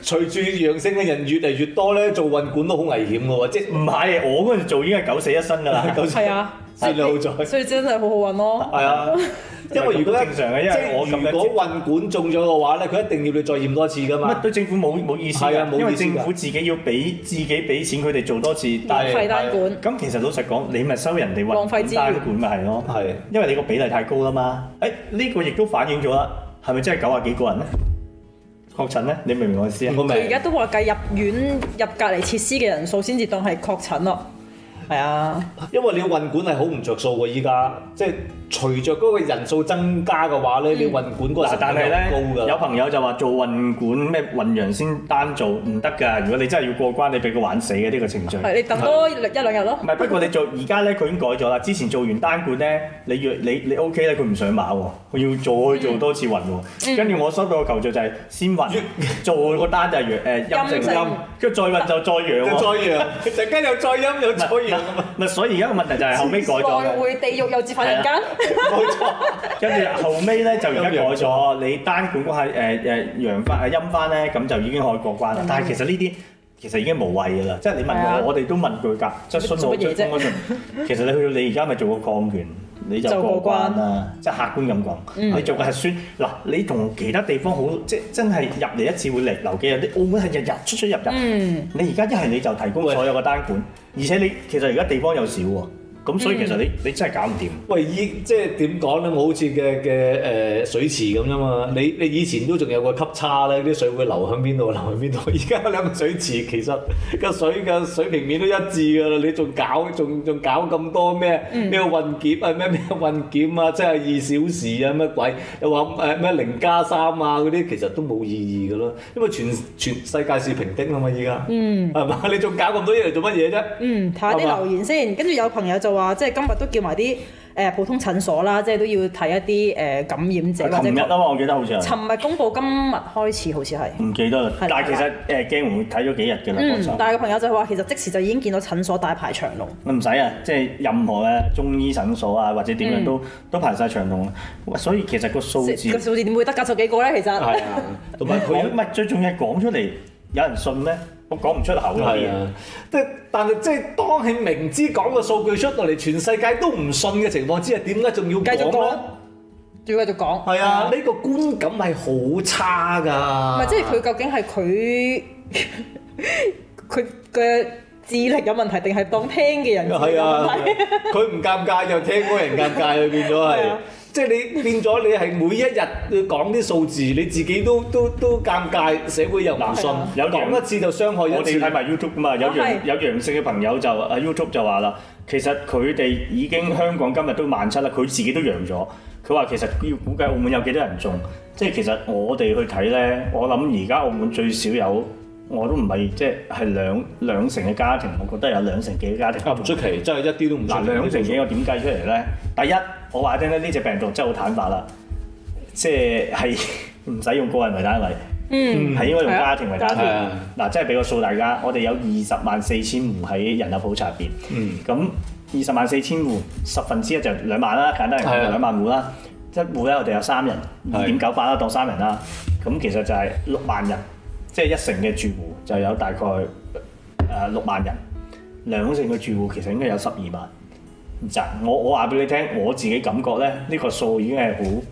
隨住陽性嘅人越嚟越多咧，做運管都好危險喎，即係唔係？我嗰陣做已經係九四。一生噶啦，到時泄露咗，所以真係好好運咯。係啊，因為如果正常嘅，因為我如果運管中咗嘅話咧，佢一定要你再驗多次噶嘛。對政府冇冇意思啊，因為政府自己要俾自己俾錢，佢哋做多次。但係費單管。咁其實老實講，你咪收人哋運單管咪係咯？係，因為你個比例太高啦嘛。誒，呢個亦都反映咗啦，係咪真係九廿幾個人咧？確診咧？你明唔明我意思啊？我明。佢而家都話計入院、入隔離設施嘅人數先至當係確診咯。係啊，因為你運管係好唔着數㗎依家，即隨着嗰個人數增加嘅話咧，你運管嗰個成本高㗎。有朋友就話做運管咩運羊先單做唔得㗎。如果你真係要過關，你俾佢玩死嘅呢、這個程序。係、嗯、你揼多，多一,一兩日咯。唔係，不過你做而家咧，佢已經改咗啦。之前做完單管咧，你若你你 OK 咧，佢唔想馬喎，要再做多次運喎。跟住我收到嘅求助就係先運做個單就係養誒陰性陰，跟、嗯、住、嗯、再運就再陽，性再陽，陣間 又再陰又再陽。咪 所以而家個問題就係後尾改咗。來回地獄又折返人間。冇錯，跟住 後尾咧就而家改咗，你單管嗰下誒誒陽翻啊陰翻咧，咁就已經可以過關啦。嗎但係其實呢啲其實已經無謂㗎啦，即係你問我，嗎我哋都問佢㗎，即係新冠最興嗰陣。其實你去到你而家咪做過抗原，你就過關啦。關即係客觀咁講，嗯、你做過核酸嗱，你同其他地方好，即係真係入嚟一次會嚟留幾你日，日，日。啲澳門係日日出出入入。嗯、你而家一係你就提供所有個單管， 而且你其實而家地方又少喎、啊。咁、嗯、所以其實你你真係搞唔掂。喂，依即係點講咧？我好似嘅嘅誒水池咁啫嘛。你你以前都仲有個級差咧，啲水會流向邊度？流向邊度？而家兩個水池其實個水嘅水平面都一致噶啦。你仲搞仲仲搞咁多咩咩、嗯、運檢啊？咩咩運檢啊？即係二小時啊？乜鬼？又話誒咩零加三啊？嗰啲其實都冇意義噶咯。因為全全世界是平的啊嘛，依家。嗯。係嘛？你仲搞咁多嘢嚟做乜嘢啫？嗯，睇下啲留言先。跟住有朋友就。話即係今日都叫埋啲誒普通診所啦，即係都要睇一啲誒感染者。琴日啊嘛，我記得好似係。琴日公布，今日開始好似係。唔記得啦。的但係其實誒驚會睇咗幾日嘅啦，嗯、心但係個朋友就話其實即時就已經見到診所大排長龍。唔使啊，即係任何嘅中醫診所啊，或者點樣都、嗯、都排晒長龍啦。所以其實個數字個數字點會得隔咗幾個咧？其實係啊，同埋佢唔係最重要係講出嚟，有人信咩？講唔出口係啊，即係但係即係當佢明知講個數據出到嚟，全世界都唔信嘅情況之下，點解仲要繼續講咧？繼續講，仲要繼續講。係啊，呢個觀感係好差噶。唔係，即係佢究竟係佢佢嘅智力有問題，定係當聽嘅人？係啊，佢唔尷尬就聽嗰人尷尬，變咗係。即係你變咗，你係每一日要講啲數字，你自己都都都尷尬，社會又唔信，有講喏一次就傷害一次。我哋睇埋 YouTube 嘛，有陽有陽性嘅朋友就啊 YouTube 就話啦，其實佢哋已經香港今日都萬七啦，佢自己都陽咗。佢話其實要估計澳門有幾多人中，即係其實我哋去睇咧，我諗而家澳門最少有。我都唔係即係兩兩成嘅家庭，我覺得有兩成幾嘅家庭。啊，無出奇，真係一啲都唔出奇。兩成幾我點計出嚟咧？第一，我話聽咧，呢隻病毒真係好坦白啦，即係係唔使用個人為單位，嗯，係應該用家庭為單位。嗱、啊，即係俾個數大家，我哋有二十萬四千戶喺人口普查入邊。咁二十萬四千戶，十分之一就兩萬啦，簡單嚟講兩萬戶啦。一、啊、戶咧，我哋、就是、有三人，二點九八啦，當三人啦。咁其實就係六萬人。即係一成嘅住戶就有大概誒六萬人，兩成嘅住戶其實應該有十二萬。唔我我話俾你聽，我自己感覺咧，呢個數已經係好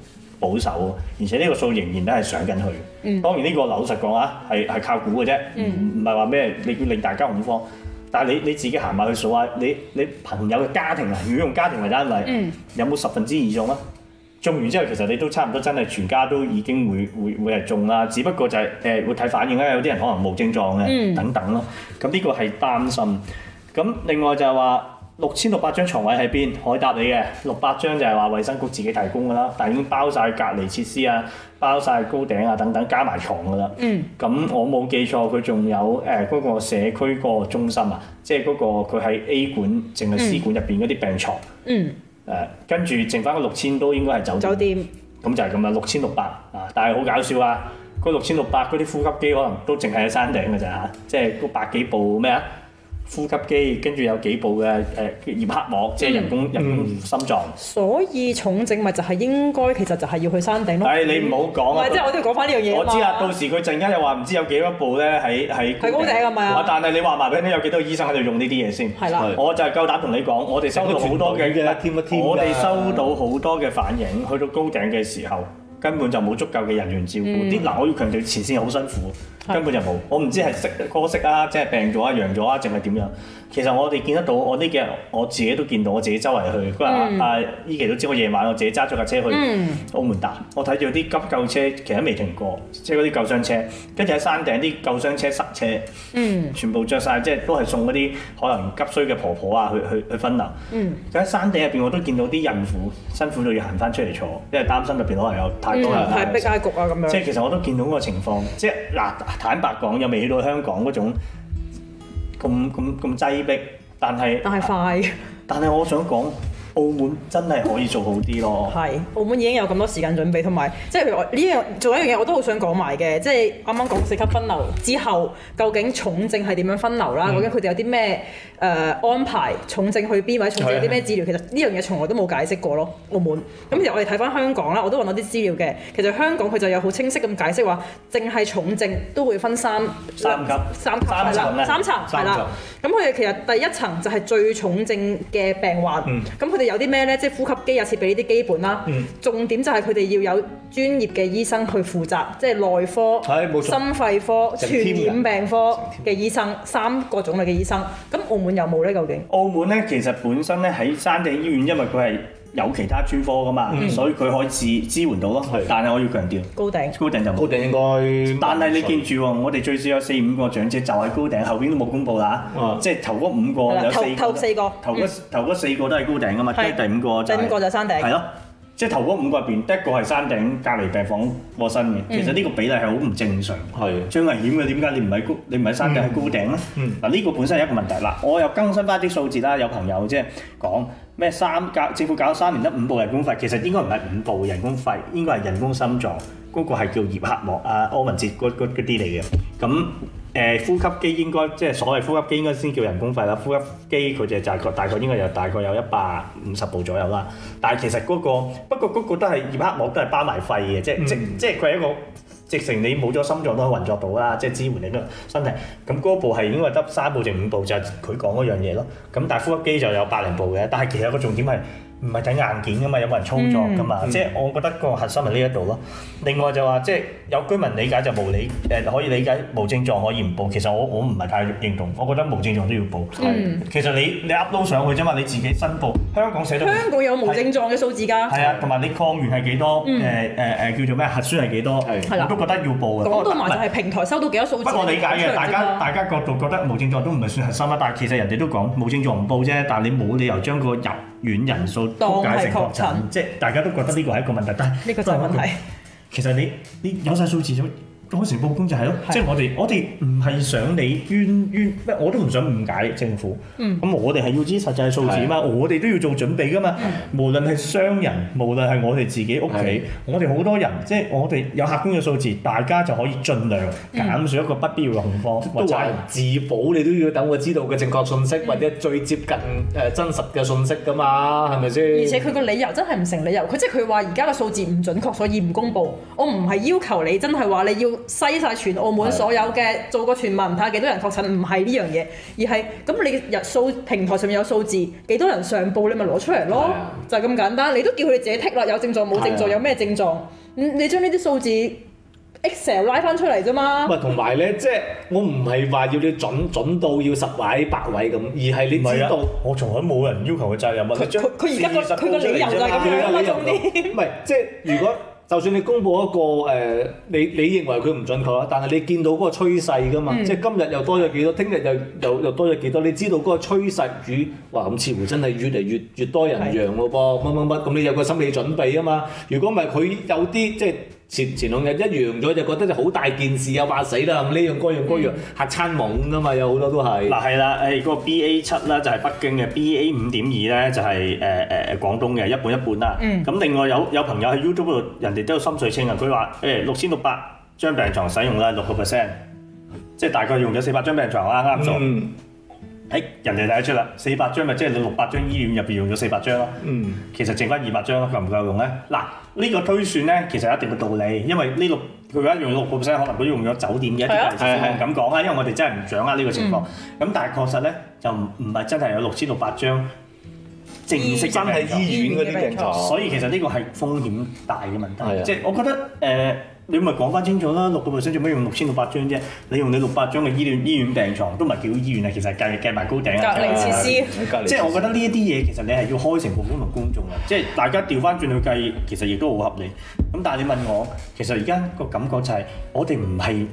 保守，而且呢個數仍然都係上緊去。嗯，當然呢個老實講啊，係係靠估嘅啫，唔唔係話咩，你要令大家恐慌。但係你你自己行埋去數下，你你朋友嘅家庭啊，如果用家庭為單位，有冇十分之二重嗎？種完之後，其實你都差唔多真係全家都已經會會會係中啦，只不過就係、是、誒、呃、會睇反應啦，有啲人可能冇症狀嘅等等咯。咁呢個係擔心。咁另外就係話六千六百張床位喺邊？可以答你嘅六百張就係話衞生局自己提供噶啦，但已經包晒隔離設施啊、包晒高頂啊等等加埋牀噶啦。咁、嗯、我冇記錯，佢仲有誒嗰個社區個中心啊，即係嗰個佢喺 A 館淨係 C 館入邊嗰啲病牀。嗯嗯誒，跟住、啊、剩返個六千都應該係酒店，咁店就係咁啦，六千六百啊！但係好搞笑啊，嗰六千六百嗰啲呼吸機可能都淨係喺山頂㗎咋、啊，即係嗰百幾部咩啊？呼吸機，跟住有幾部嘅誒葉克膜，即係人工人工心臟。所以重症咪就係應該，其實就係要去山頂咯。誒，你唔好講啊！即係我都要講翻呢樣嘢。我知啦，到時佢陣間又話唔知有幾多部咧喺喺，喺高頂，係咪啊？但係你話埋俾你，有幾多醫生喺度用呢啲嘢先？係啦，我就係夠膽同你講，我哋收到好多嘅，我哋收到好多嘅反應。去到高頂嘅時候，根本就冇足夠嘅人員照顧。啲嗱，我要強調，前線好辛苦。根本就冇，我唔知係識過識啊，即係病咗啊、陽咗啊，定係點樣？其實我哋見得到，我呢幾日我自己都見到，我自己周圍去，嗰個阿依期都知，我夜晚我自己揸咗架車去澳門達，嗯、我睇住啲急救車其實都未停過，即係嗰啲救傷車，跟住喺山頂啲救傷車塞車，嗯、全部着晒，即係都係送嗰啲可能急需嘅婆婆啊去去去分流。咁喺、嗯、山頂入邊我都見到啲孕婦辛苦到要行翻出嚟坐，因為擔心入邊可能有太多人逼啊咁樣。即係這樣 其實我都見到個情況，即係嗱。坦白講，又未去到香港嗰種咁咁咁擠迫，但係但係快，但係我想講。澳門真係可以做好啲咯，係澳門已經有咁多時間準備，同埋即係呢樣做一樣嘢，我都好想講埋嘅，即係啱啱講四級分流之後，究竟重症係點樣分流啦？究竟佢哋有啲咩誒安排？重症去邊位？重症有啲咩治療？其實呢樣嘢從來都冇解釋過咯。澳門咁其實我哋睇翻香港啦，我都揾到啲資料嘅。其實香港佢就有好清晰咁解釋話，淨係重症都會分三三級三級係啦，三層係啦。咁佢哋其實第一層就係最重症嘅病患，咁佢哋。有啲咩呢？即係呼吸機有設備呢啲基本啦。嗯、重點就係佢哋要有專業嘅醫生去負責，即係內科、心肺科、哎、傳染病科嘅醫生，三個種類嘅醫生。咁澳門有冇呢？究竟澳門呢其實本身呢喺山頂醫院，因為佢係。有其他專科噶嘛？所以佢可以支支援到咯。但係我要強調，高頂高頂就冇，頂應該。但係你見住喎，我哋最少有四五個長者就係高頂，後邊都冇公布啦。即係頭嗰五個有四，頭四個頭嗰四個都係高頂噶嘛？即係第五個就第五個就山頂。係咯，即係頭嗰五個入邊，第一個係山頂，隔離病房過身嘅。其實呢個比例係好唔正常。係最危險嘅，點解你唔喺高你唔喺山頂喺高頂咧？嗱呢個本身係一個問題啦。我又更新翻啲數字啦，有朋友即係講。咩三搞政府搞咗三年，得五部人工肺，其實應該唔係五部人工肺，應該係人工心臟嗰、那個係叫葉克膜，啊，柯文哲嗰啲嚟嘅。咁誒、呃、呼吸機應該即係所謂呼吸機應該先叫人工肺啦，呼吸機佢就就是、係大概應該有大概有一百五十部左右啦。但係其實嗰、那個不過嗰個都係葉克膜，都係包埋肺嘅，即係、嗯、即即係佢係一個。直情你冇咗心臟都可以運作到啦，即係支援你個身體。咁嗰部係應該得三部定五部，就係佢講嗰樣嘢咯。咁但係呼吸機就有百零部嘅，但係其實個重點係。唔係睇硬件噶嘛，有冇人操作噶嘛？即係我覺得個核心係呢一度咯。另外就話，即係有居民理解就無理，誒可以理解無症狀可以唔報。其實我我唔係太認同，我覺得無症狀都要報。其實你你 upload 上去啫嘛，你自己申報。香港寫到。香港有無症狀嘅數字㗎。係啊，同埋你抗原係幾多？誒誒誒叫做咩核酸係幾多？我都覺得要報嘅。講埋就係平台收到幾多數字？不，我理解嘅，大家大家角度覺得無症狀都唔係算核心啊。但係其實人哋都講無症狀唔報啫，但係你冇理由將個入院人數數解係確診，即係大家都覺得呢個係一個問題，但呢個都係問題。其實你有晒數字當時報通就係咯，的即係我哋我哋唔係想你冤冤咩，我都唔想誤解政府。咁、嗯、我哋係要知實際數字嘛，的我哋都要做準備噶嘛。嗯、無論係商人，無論係我哋自己屋企，的我哋好多人，即係我哋有客觀嘅數字，大家就可以盡量減少一個不必要嘅恐慌。或者、嗯、自保，你都要等個知道嘅正確信息，嗯、或者最接近誒真實嘅信息噶嘛，係咪先？而且佢個理由真係唔成理由，佢即係佢話而家嘅數字唔準確，所以唔公佈。我唔係要求你真係話你要。篩晒全澳門所有嘅做個全民睇下幾多人確診，唔係呢樣嘢，而係咁你日數平台上面有數字幾多人上報，你咪攞出嚟咯，的就係咁簡單。你都叫佢哋自己剔落有症狀、冇症狀、的有咩症狀，你將呢啲數字 Excel 拉翻出嚟啫嘛。同埋咧，即係我唔係話要你準準到要十位百位咁，而係你知道我從來冇人要求佢責任乜。佢他而家佢佢個理由就係咁樣一重、啊、點。唔係即係如果。 就算你公布一個誒、呃，你你認為佢唔準確，但係你見到嗰個趨勢噶嘛？嗯、即今日又多咗幾多，聽日又又又多咗幾多？你知道嗰個趨勢，與哇咁似乎真係越嚟越越多人陽咯噃，乜乜乜，咁是你有個心理準備啊嘛？如果唔係佢有啲即前前兩日一樣咗就覺得就好大件事啊，又怕死啦呢樣嗰樣嗰、嗯、嚇餐懵噶嘛，有好多都係嗱係啦，誒、啊那個 B A 七啦就係北京嘅，B A 五點二咧就係誒誒誒廣東嘅一半一半啦、啊。咁、嗯、另外有有朋友喺 YouTube 度，人哋都有心水清啊，佢話誒六千六百張病床使用啦，六個 percent，即係大概用咗四百張病床。啊，啱唔啱？嗯，哎、人哋睇得出啦，四百張咪即係六百張醫院入邊用咗四百張咯。嗯，其實剩翻二百張咯，夠唔夠用咧？嗱呢個推算咧，其實有一定嘅道理，因為呢六、佢而家用六個 percent，可能佢用咗酒店嘅一啲，係係係咁講啊！的因為我哋真係唔掌握呢個情況，咁、嗯、但係確實咧，就唔唔係真係有六千六百張正式真係醫院嗰啲病床，所以其實呢個係風險大嘅問題，即係是的 我覺得誒。呃你咪講翻清楚啦，六個 percent 做咩用六千六百張啫？你用你六百張嘅醫院醫院病床都唔係叫醫院啊，其實計計埋高頂啊，隔離設施。隔離即係我覺得呢一啲嘢，其實你係要開成本公同公眾啊，即係大家調翻轉去計，其實亦都好合理。咁但係你問我，其實而家個感覺就係、是、我哋唔係冇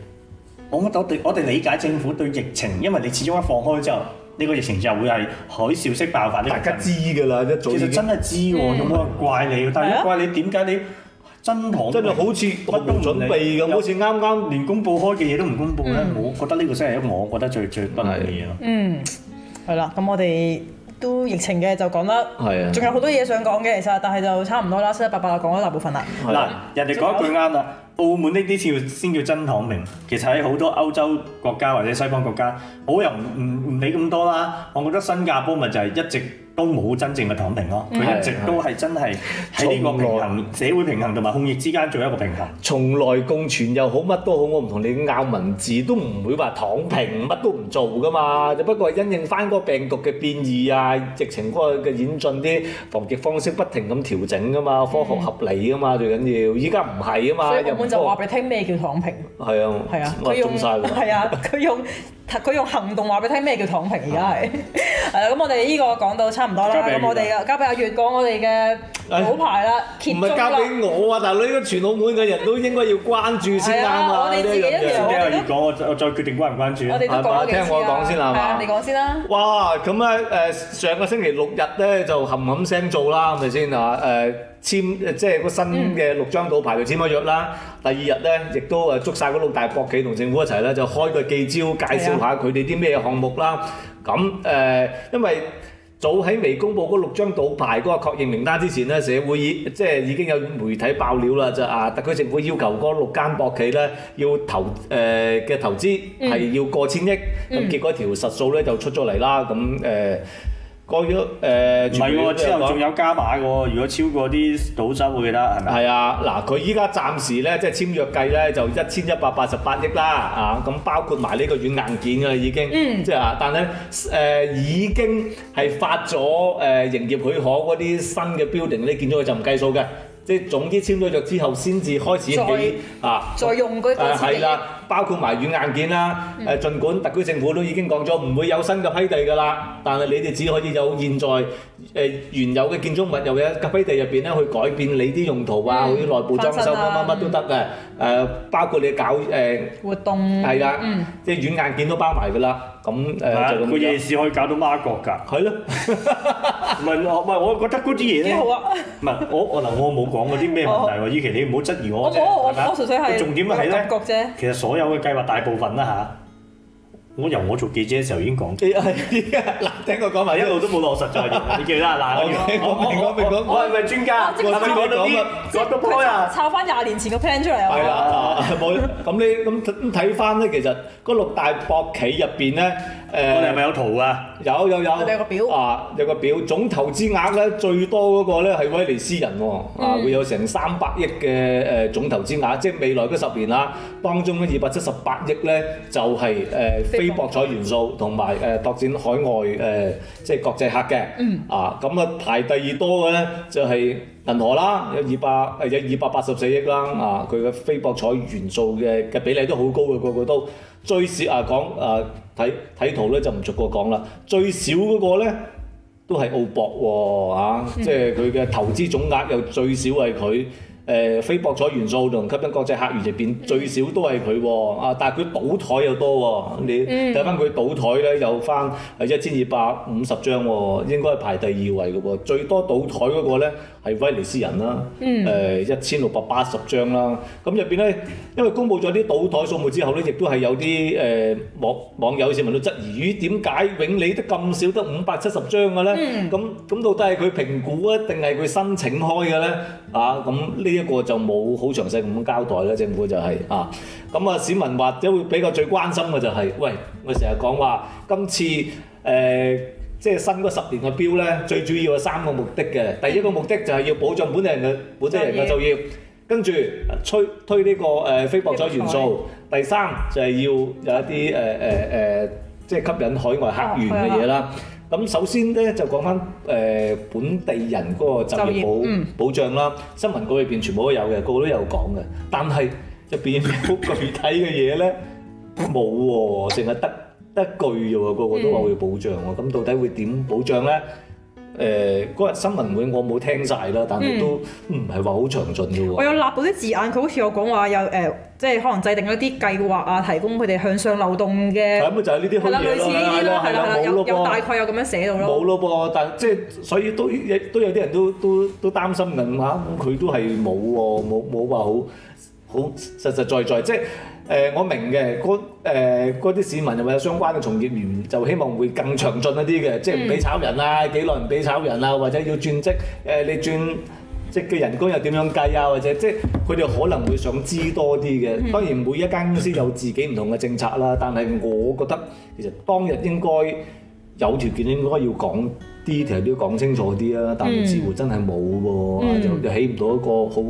我哋我哋理解政府對疫情，因為你始終一放開之後，呢、呢個疫情就會係海嘯式爆發。大家知㗎啦，一早就其實真係知喎，我有乜人怪你？嗯、但係一怪你點解你？真堂真係好似乜都冇準備咁，有好似啱啱連公佈開嘅嘢都唔公佈咧。嗯、我覺得呢個先係，我覺得最的最不滿嘅嘢咯。嗯，係啦，咁我哋都疫情嘅就講得，係啊的，仲有好多嘢想講嘅其實，但係就差唔多啦，七七八八講咗大部分啦。嗱的，吧人哋講一句啱啦，以澳門呢啲先叫先叫真堂明，其實喺好多歐洲國家或者西方國家，好又唔唔理咁多啦。我覺得新加坡咪就係一直。都冇真正嘅躺平咯，佢、嗯、一直都係真係喺呢個平衡、來社會平衡同埋控疫之間做一個平衡。從來共存又好，乜都好，我唔同你拗文字，都唔會話躺平，乜都唔做噶嘛。只不過因應翻嗰個病毒嘅變異啊，疫情嗰個嘅演進啲防疫方式不停咁調整噶嘛，科學合理噶嘛，最緊要依家唔係啊嘛。日本、嗯、就話俾你聽咩叫躺平？係啊，係啊，佢、啊、用，係了啊，佢用佢用行動話俾你聽咩叫躺平，而家係係咁，我哋依個講到差交俾我哋啊！交俾阿月講我哋嘅好牌啦，唔係交俾我啊，大佬呢個全澳門嘅人都應該要關注先啱啊！我哋一樣嘅先俾阿月講，我再我再決定關唔關注啊！我哋講咗幾次先啦。係啊，你講先啦。哇！咁咧誒，上個星期六日咧就冚冚聲做啦，係咪先啊？誒簽即係個新嘅六張賭牌就簽咗約啦。第二日咧亦都誒捉晒嗰六大博企同政府一齊咧就開個記招介紹下佢哋啲咩項目啦。咁誒，因為早喺未公布嗰六張賭牌嗰個確認名單之前咧，社會已即係已經有媒體爆料啦，就啊、是、特區政府要求嗰六間博企咧要投誒嘅、呃、投資，係要過千億，咁、嗯、結果條實數咧就出咗嚟啦，咁誒。呃過咗誒，唔係喎，之後仲有加碼喎。如果超過啲賭資，會得係咪？係啊，嗱，佢依家暫時咧，即係簽約計咧，就一千一百八十八億啦，啊，咁、啊、包括埋呢個軟硬件㗎、啊、啦，已經，即係啊，但係誒已經係發咗誒、呃、營業許可嗰啲新嘅標定，你見到佢就唔計數嘅，即係總之簽咗約之後先至開始起，啊，再用嗰啲、啊。啊包括埋軟硬件啦，誒，儘管特區政府都已經講咗唔會有新嘅批地㗎啦，但係你哋只可以有現在誒原有嘅建築物又有嘅批地入邊咧，去改變你啲用途啊，好似內部裝修乜乜乜都得嘅，誒，包括你搞誒活動，係啦，即係軟硬件都包埋㗎啦。咁誒，就咁樣個夜市可以搞到孖角㗎。係咯，唔係唔係，我覺得嗰啲嘢都幾好啊。唔係我我嗱，我冇講嗰啲咩問題喎，以其你唔好質疑我。我我我我純粹係。重點係咧，其實所。有個計劃大部分啦嚇，我由我做記者嘅時候已經講，係啲嘅嗱，聽我講埋一路都冇落實在嘅，你記得啊？嗱，我我我我係咪專家？我知佢講到醫，好啊！抄翻廿年前個 plan 出嚟，係啦，冇咁你咁睇翻咧，其實嗰六大博企入邊咧。誒，嗯、我哋係咪有圖啊？有有有，有有有個表啊，有個表，總投資額咧最多嗰個咧係威尼斯人喎，哦，嗯、啊，會有成三百億嘅誒、呃、總投資額，即係未來嗰十年啦，當中咧二百七十八億咧就係誒非博彩元素同埋誒拓展海外誒、呃、即係國際客嘅，嗯、啊，咁啊排第二多嘅咧就係、是，銀河啦，有二百，誒有二百八十四億啦，啊，佢嘅非博彩元素嘅嘅比例都好高嘅，個個都最少啊，講啊，睇睇圖咧就唔逐個講啦，最少嗰個咧都係澳博喎，啊啊，即係佢嘅投資總額又最少係佢。誒、呃、非博彩元素同吸引國際客源入邊最少都係佢喎，啊！但係佢賭枱又多喎、啊，你睇翻佢賭枱咧有翻係一千二百五十張喎，應該係排第二位嘅喎，最多賭枱嗰個咧係威尼斯人啦，誒一千六百八十張啦，咁入邊咧因為公佈咗啲賭枱數目之後咧，亦都係有啲誒網網友市民都質疑，咦點解永利得咁少得五百七十張嘅咧？咁咁到底係佢評估啊，定係佢申請開嘅咧？啊咁呢？啊嗯呢個就冇好詳細咁交代啦。政府就係啊，咁啊市民或者會比較最關心嘅就係，喂，我成日講話今次誒即係新嗰十年嘅標呢，最主要係三個目的嘅，第一個目的就係要保障本地人嘅本地人嘅就業，跟住推推呢個誒非博彩元素，第三就係要有一啲誒誒誒，即係吸引海外客源嘅嘢啦。咁首先咧就講翻誒本地人嗰個就業保保障啦，嗯、新聞稿裏邊全部都有嘅，個個都有講嘅，但係入邊好具體嘅嘢咧冇喎，淨係、啊、得得句嘅喎，個個都話會保障喎，咁、嗯、到底會點保障咧？誒嗰日新聞會我冇聽晒啦，但係都唔係話好詳盡嘅喎、嗯。我有立到啲字眼，佢好似有講話有誒，即係可能制定一啲計劃啊，提供佢哋向上流動嘅咁啊，就係呢啲好嘢咯，係啦，有大概有咁樣寫到咯，冇咯噃，冇咯噃，但即係所以都亦都有啲人都都都擔心緊吓，咁、啊、佢都係冇喎，冇冇話好好實實在在即。誒、呃、我明嘅，嗰啲、呃、市民又或者相關嘅從業員就希望會更詳盡一啲嘅，即係唔俾炒人啊，幾耐唔俾炒人啊，或者要轉職，誒、呃、你轉職嘅人工又點樣計啊，或者即係佢哋可能會想知多啲嘅。當然每一間公司有自己唔同嘅政策啦，但係我覺得其實當日應該有條件應該要講。啲嘢其實都要講清楚啲啦，但係似乎真係冇喎，就就起唔到一個好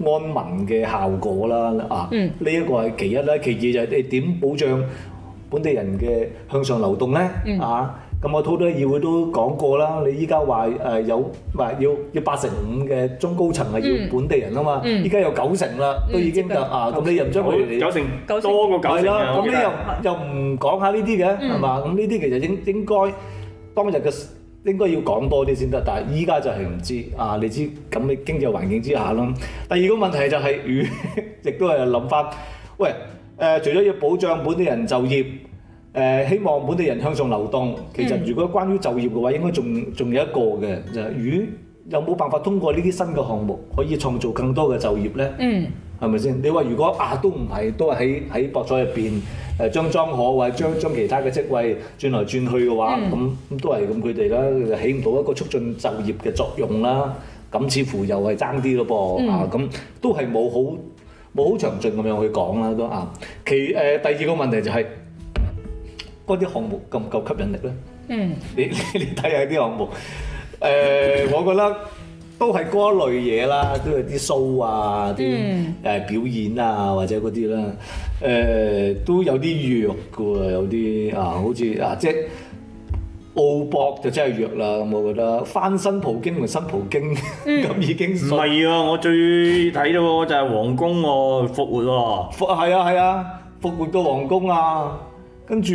安民嘅效果啦啊！呢一個係其一啦，其二就係你點保障本地人嘅向上流動咧啊？咁我好多議會都講過啦，你依家話誒有唔係要要八成五嘅中高層係要本地人啊嘛？依家有九成啦，都已經得啊！咁你又將佢哋多過九成係啦，咁你又又唔講下呢啲嘅係嘛？咁呢啲其實應應該當日嘅。應該要講多啲先得，但係依家就係唔知啊！你知咁嘅經濟環境之下咯。第二個問題就係、是、與，亦、呃、都係諗翻，喂，誒、呃，除咗要保障本地人就業，誒、呃，希望本地人向上流動。其實如果關於就業嘅話，應該仲仲有一個嘅，就係、是、與、呃、有冇辦法通過呢啲新嘅項目可以創造更多嘅就業呢？嗯。係咪先？你話如果啊都唔係都喺喺博彩入邊誒將莊荷或者將將其他嘅職位轉來轉去嘅話，咁咁都係咁佢哋啦，就起唔到一個促進就業嘅作用啦。咁似乎又係爭啲咯噃啊咁，都係冇好冇好詳盡咁樣去講啦都啊。其誒第二個問題就係嗰啲項目夠唔夠吸引力咧？嗯，你你睇下啲項目誒，我覺得。都係嗰類嘢啦，都有啲 show 啊，啲誒表演啊，或者嗰啲啦，誒、嗯呃、都有啲弱嘅，有啲啊，好似啊，即澳博就真係弱啦。咁我覺得翻新葡京同新葡京咁、嗯、 已經唔係啊！我最睇到就係皇宮喎，復活喎，復啊係啊，復活個皇、啊啊、宮啊，跟住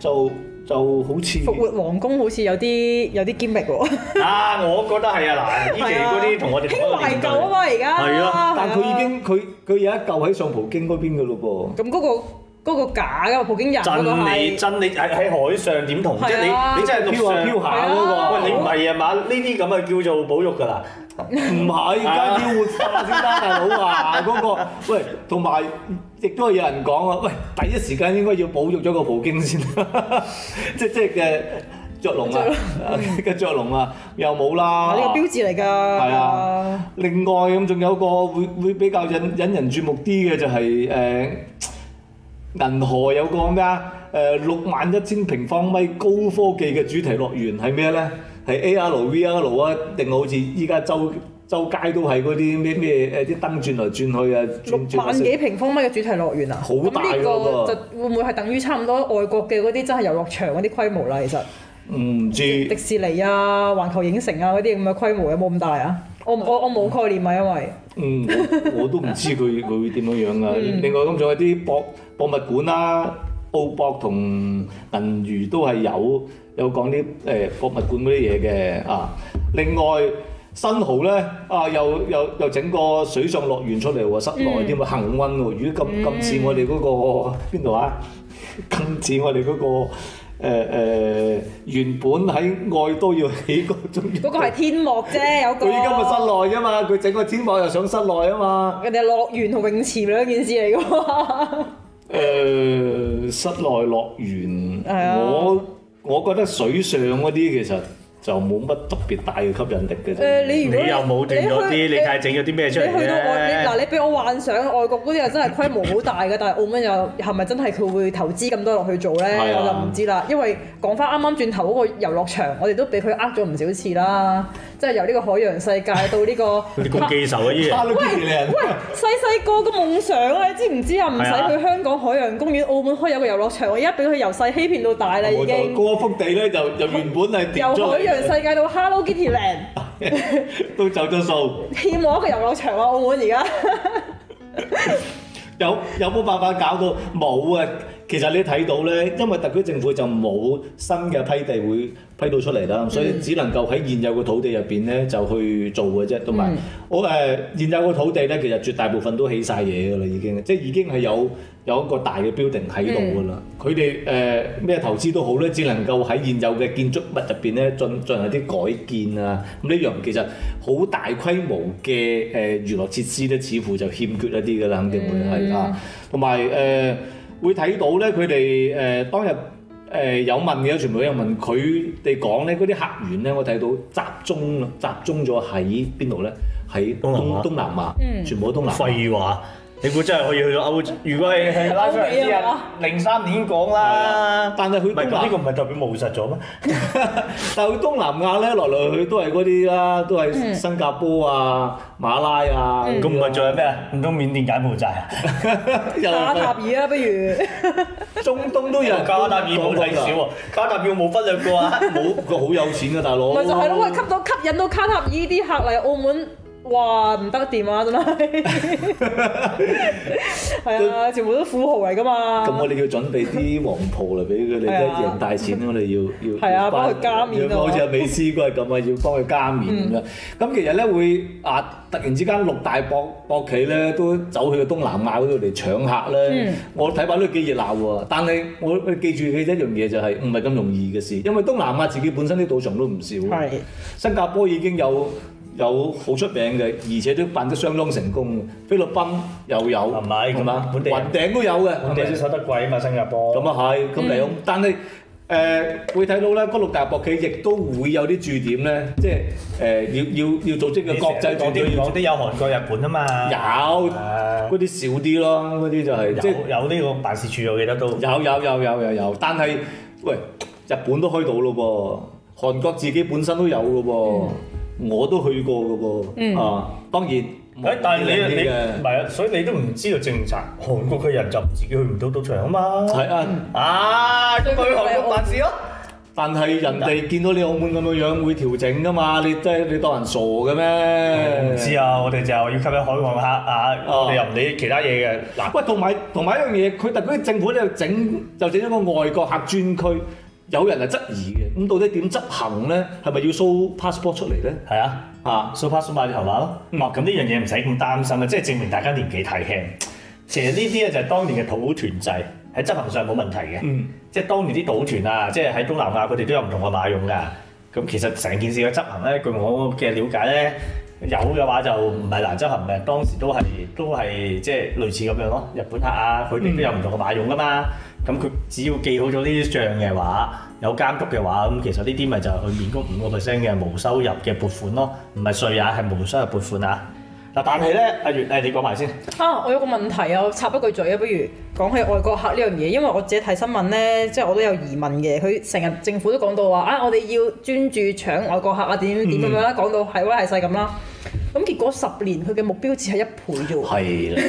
就。就好似復活皇宮好似有啲有啲堅力喎。啊，我覺得係啊，嗱，以前嗰啲同我哋講緊興懷舊啊嘛，而家，啊、但係佢已經佢佢、啊、有一舊喺上葡京嗰邊嘅咯噃。咁嗰個。嗰個假噶嘛，葡京人嗰個係，真你真你喺喺海上點同啫？你你真係漂上漂下嗰個，喂你唔係啊嘛？呢啲咁嘅叫做保育噶啦，唔係緊要活化，先得大佬啊，嗰個喂，同埋亦都係有人講啊，喂，第一時間應該要保育咗個葡京先， 即即嘅雀籠啊，個雀 龍啊，龍啊，龍啊又冇啦，呢 個標誌嚟㗎，係 啊。另外咁仲有個會會比較引引人注目啲嘅就係、是、誒。嗯銀河有個咩啊？誒六萬一千平方米高科技嘅主題樂園係咩咧？係 AR VR 啊？定好似依家周周街都係嗰啲咩咩誒啲燈轉來轉去啊？六萬幾平方米嘅主題樂園啊！好大嗰個，會唔會係等於差唔多外國嘅嗰啲真係遊樂場嗰啲規模啦、啊？其實唔知、嗯、迪士尼啊、環球影城啊嗰啲咁嘅規模有冇咁大啊？我我我冇概念啊，因為嗯，我，我都唔知佢佢會點樣樣啊?另外咁仲有啲博博物館啦、啊，澳博同銀娛都係有有講啲誒博物館嗰啲嘢嘅啊。另外新濠咧啊，又又又，又整個水上樂園出嚟喎，室內添、嗯、啊，恆溫喎。如果咁咁似我哋嗰、那個邊度？、嗯、啊？今似我哋嗰、那個。誒誒、呃，原本喺外都要起個鐘？嗰個係天幕啫，有個。佢依家咪室內啫嘛，佢整個天幕又上室內啊嘛。人哋係樂園同泳池兩件事嚟噶嘛。誒 、呃，室內樂園，啊、我我覺得水上嗰啲其實。就冇乜特別大嘅吸引力嘅啫、呃。你又冇定咗啲，你梗係整咗啲咩出嚟你去到外，嗱，你俾我幻想外國嗰啲又真係規模好大嘅， 但係澳門又係咪真係佢會投資咁多落去做咧？ 我就唔知啦。因為講翻啱啱轉頭嗰個遊樂場，我哋都俾佢呃咗唔少次啦。即係由呢個海洋世界到呢個，你個機手啊！依啲，喂喂，細細個嘅夢想啊， 你知唔知啊？唔使去香港海洋公園，澳門可以有個遊樂場。的我而家俾佢由細欺騙到大啦，已經。嗰幅地咧就就原本係由海洋世界到 Hello Kitty Land， 都走咗數。欠我一個遊樂場啊！澳門而家 有有冇辦法搞到冇啊？其實你睇到咧，因為特區政府就冇新嘅批地會批到出嚟啦，所以只能夠喺現有嘅土地入邊咧就去做嘅啫。同埋、嗯、我誒、呃、現有嘅土地咧，其實絕大部分都起晒嘢㗎喇，已經即係已經係有有一個大嘅 building 喺度㗎喇。佢哋誒咩投資都好咧，只能夠喺現有嘅建築物面呢入邊咧進進行一啲改建啊。咁呢樣其實好大規模嘅誒、呃、娛樂設施咧，似乎就欠缺一啲㗎喇，肯定會係、嗯、啊。同埋誒。呃呃會睇到咧，佢哋誒當日誒、呃、有問嘅，全部都有問。佢哋講咧，嗰啲客源咧，我睇到集中啦，集中咗喺邊度咧？喺東東南亞，東南亞嗯、全部都東南亞。廢話。你估真係可以去到歐洲？如果係拉出啲人，零三年講啦。但係佢東，呢個唔係特別務實咗咩？但去東南亞咧，來來去都係嗰啲啦，都係新加坡啊、馬拉啊。咁唔係仲有咩？唔通緬甸柬埔寨啊？卡塔爾啊？不如。中東都有。卡塔爾冇太少喎，卡塔爾我冇忽略過啊，冇佢好有錢啊。大佬。咪就係咯，吸到吸引到卡塔爾啲客嚟澳門。哇！唔得掂啊，真係係啊！全部都富豪嚟噶嘛？咁、嗯、我哋要準備啲黃袍嚟俾佢哋贏大錢。我哋要要係啊，幫佢加面啊！好似阿美斯嗰個咁啊，要幫佢加面咁、嗯、樣。咁、 嗯、其實咧會啊，突然之間六大博博企咧都走去個東南亞嗰度嚟搶客咧。嗯、我睇返都幾熱鬧喎、啊。但係我記住佢一樣嘢就係唔係咁容易嘅事，因為東南亞自己本身啲賭場都唔少。係 新加坡已經有。 有好出名嘅，而且都辦得相當成功。菲律賓又有，唔係咁啊，雲頂都有嘅。雲頂先收得貴啊嘛，是是 less, 新加坡咁啊係，咁嚟、嗯嗯、但係誒、呃、會睇到咧，六大博企亦都會有啲駐點咧，即係誒要要要組織嘅國際代理。有韓國、日本啊嘛，有嗰啲少啲咯，嗰啲就係即係有呢個辦事處，我記得都有有有有有有，有，但係喂，日本都開到咯噃，韓國自己本身都有嘅噃。Mm hmm. 嗯我都去過㗎噃。啊、嗯，當然多多，誒，但係你你唔係啊，所以你都唔知道政策，嗯、韓國嘅人就自己去唔到賭場啊嘛，係啊，啊，去韓國辦事咯，但係人哋見到你澳門咁嘅樣會調整㗎嘛，你真係你當人傻嘅咩？唔、嗯、知，我知，我知啊，我哋就係要吸引海外客啊，你又唔理其他嘢嘅，嗱，喂，同埋同埋一樣嘢，佢特區政府咧就整就整咗個外國客專區。有人係質疑嘅，咁到底點執行咧？係咪要 show passport 出嚟咧？係啊，啊 show passport 咪就係咯。咁啊，咁呢、嗯啊、樣嘢唔使咁擔心嘅，即係證明大家年紀太輕。其實呢啲啊就係當年嘅賭團制喺執行上冇問題嘅。嗯，即係當年啲賭團啊，即係喺東南亞佢哋都有唔同嘅馬用㗎。咁其實成件事嘅執行咧，據我嘅瞭解咧，有嘅話就唔係難執行，誒當時都係都係即係類似咁樣咯。日本客啊，佢哋都有唔同嘅馬用㗎嘛。嗯嗯咁佢只要記好咗呢啲帳嘅話，有監督嘅話，咁其實呢啲咪就係佢免嗰五個 percent 嘅無收入嘅撥款咯，唔係稅啊，係無收入撥款啊！嗱，但係咧，阿月誒，你講埋先啊！我有個問題啊，我插一句嘴啊，不如講起外國客呢樣嘢，因為我自己睇新聞咧，即係我都有疑問嘅，佢成日政府都講到話啊，我哋要專注搶外國客啊，點點點咁樣啦，講、嗯、到係威係勢咁啦。咁結果十年佢嘅目標只係一倍啫喎，係啦，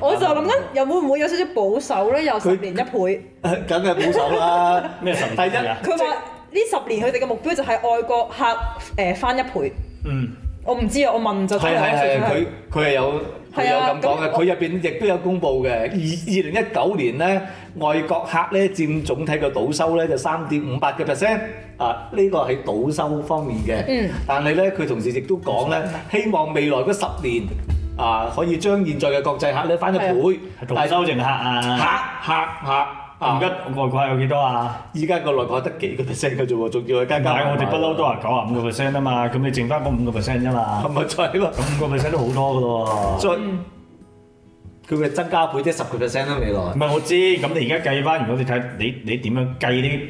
我就諗緊又會唔會有少少保守咧？又十年一倍，梗係保守啦，咩神話？第一，佢話呢十年佢哋嘅目標就係外國客誒翻一倍。嗯，我唔知啊，我問就係。係係，佢佢係有佢有咁講嘅，佢入邊亦都有公布嘅。二二零一九年咧，外國客咧佔總體嘅賭收咧就三點五八嘅 percent。啊！呢個係倒收方面嘅，但係咧佢同時亦都講咧，希望未來嗰十年啊，可以將現在嘅國際客咧翻一倍，大收剩客啊，客客客！而家外國有幾多啊？依家個外國得幾個 percent 嘅啫喎，仲要係加加，但係我哋不嬲都話九啊五個 percent 啊嘛，咁你淨翻嗰五個 percent 啫嘛，係咪再？咁五個 percent 都好多嘅咯喎，再，佢嘅增加倍即係十個 percent 啦，未來。唔係我知，咁你而家計翻，如果你睇你你點樣計啲？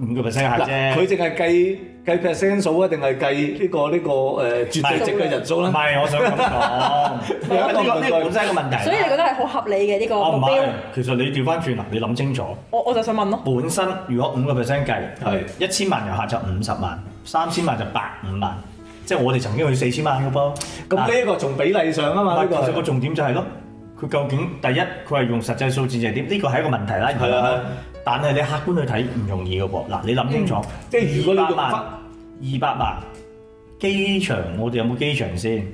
五個 percent 客啫，佢淨係計計 percent 數啊，定係計呢個呢個誒絕對值嘅人數咧？唔係，我想咁講、 呢個，呢個呢個本身嘅問題。所以你覺得係好合理嘅呢個目標？我唔係，其實你調翻轉啦，你諗清楚。我我就想問咯。本身如果五個 percent 計係一千萬遊客就五十萬，三千萬就百五萬，即係我哋曾經去四千萬嘅噃。咁呢一個從比例上啊嘛，呢個、啊、其實個重點就係咯，佢究竟第一佢係用實際數字就係點？呢個係一個問題啦。係啊！但係你客觀去睇唔容易嘅噃，嗱你諗清楚，即係、嗯、如果你用百萬、二百萬機場，我哋有冇機場先？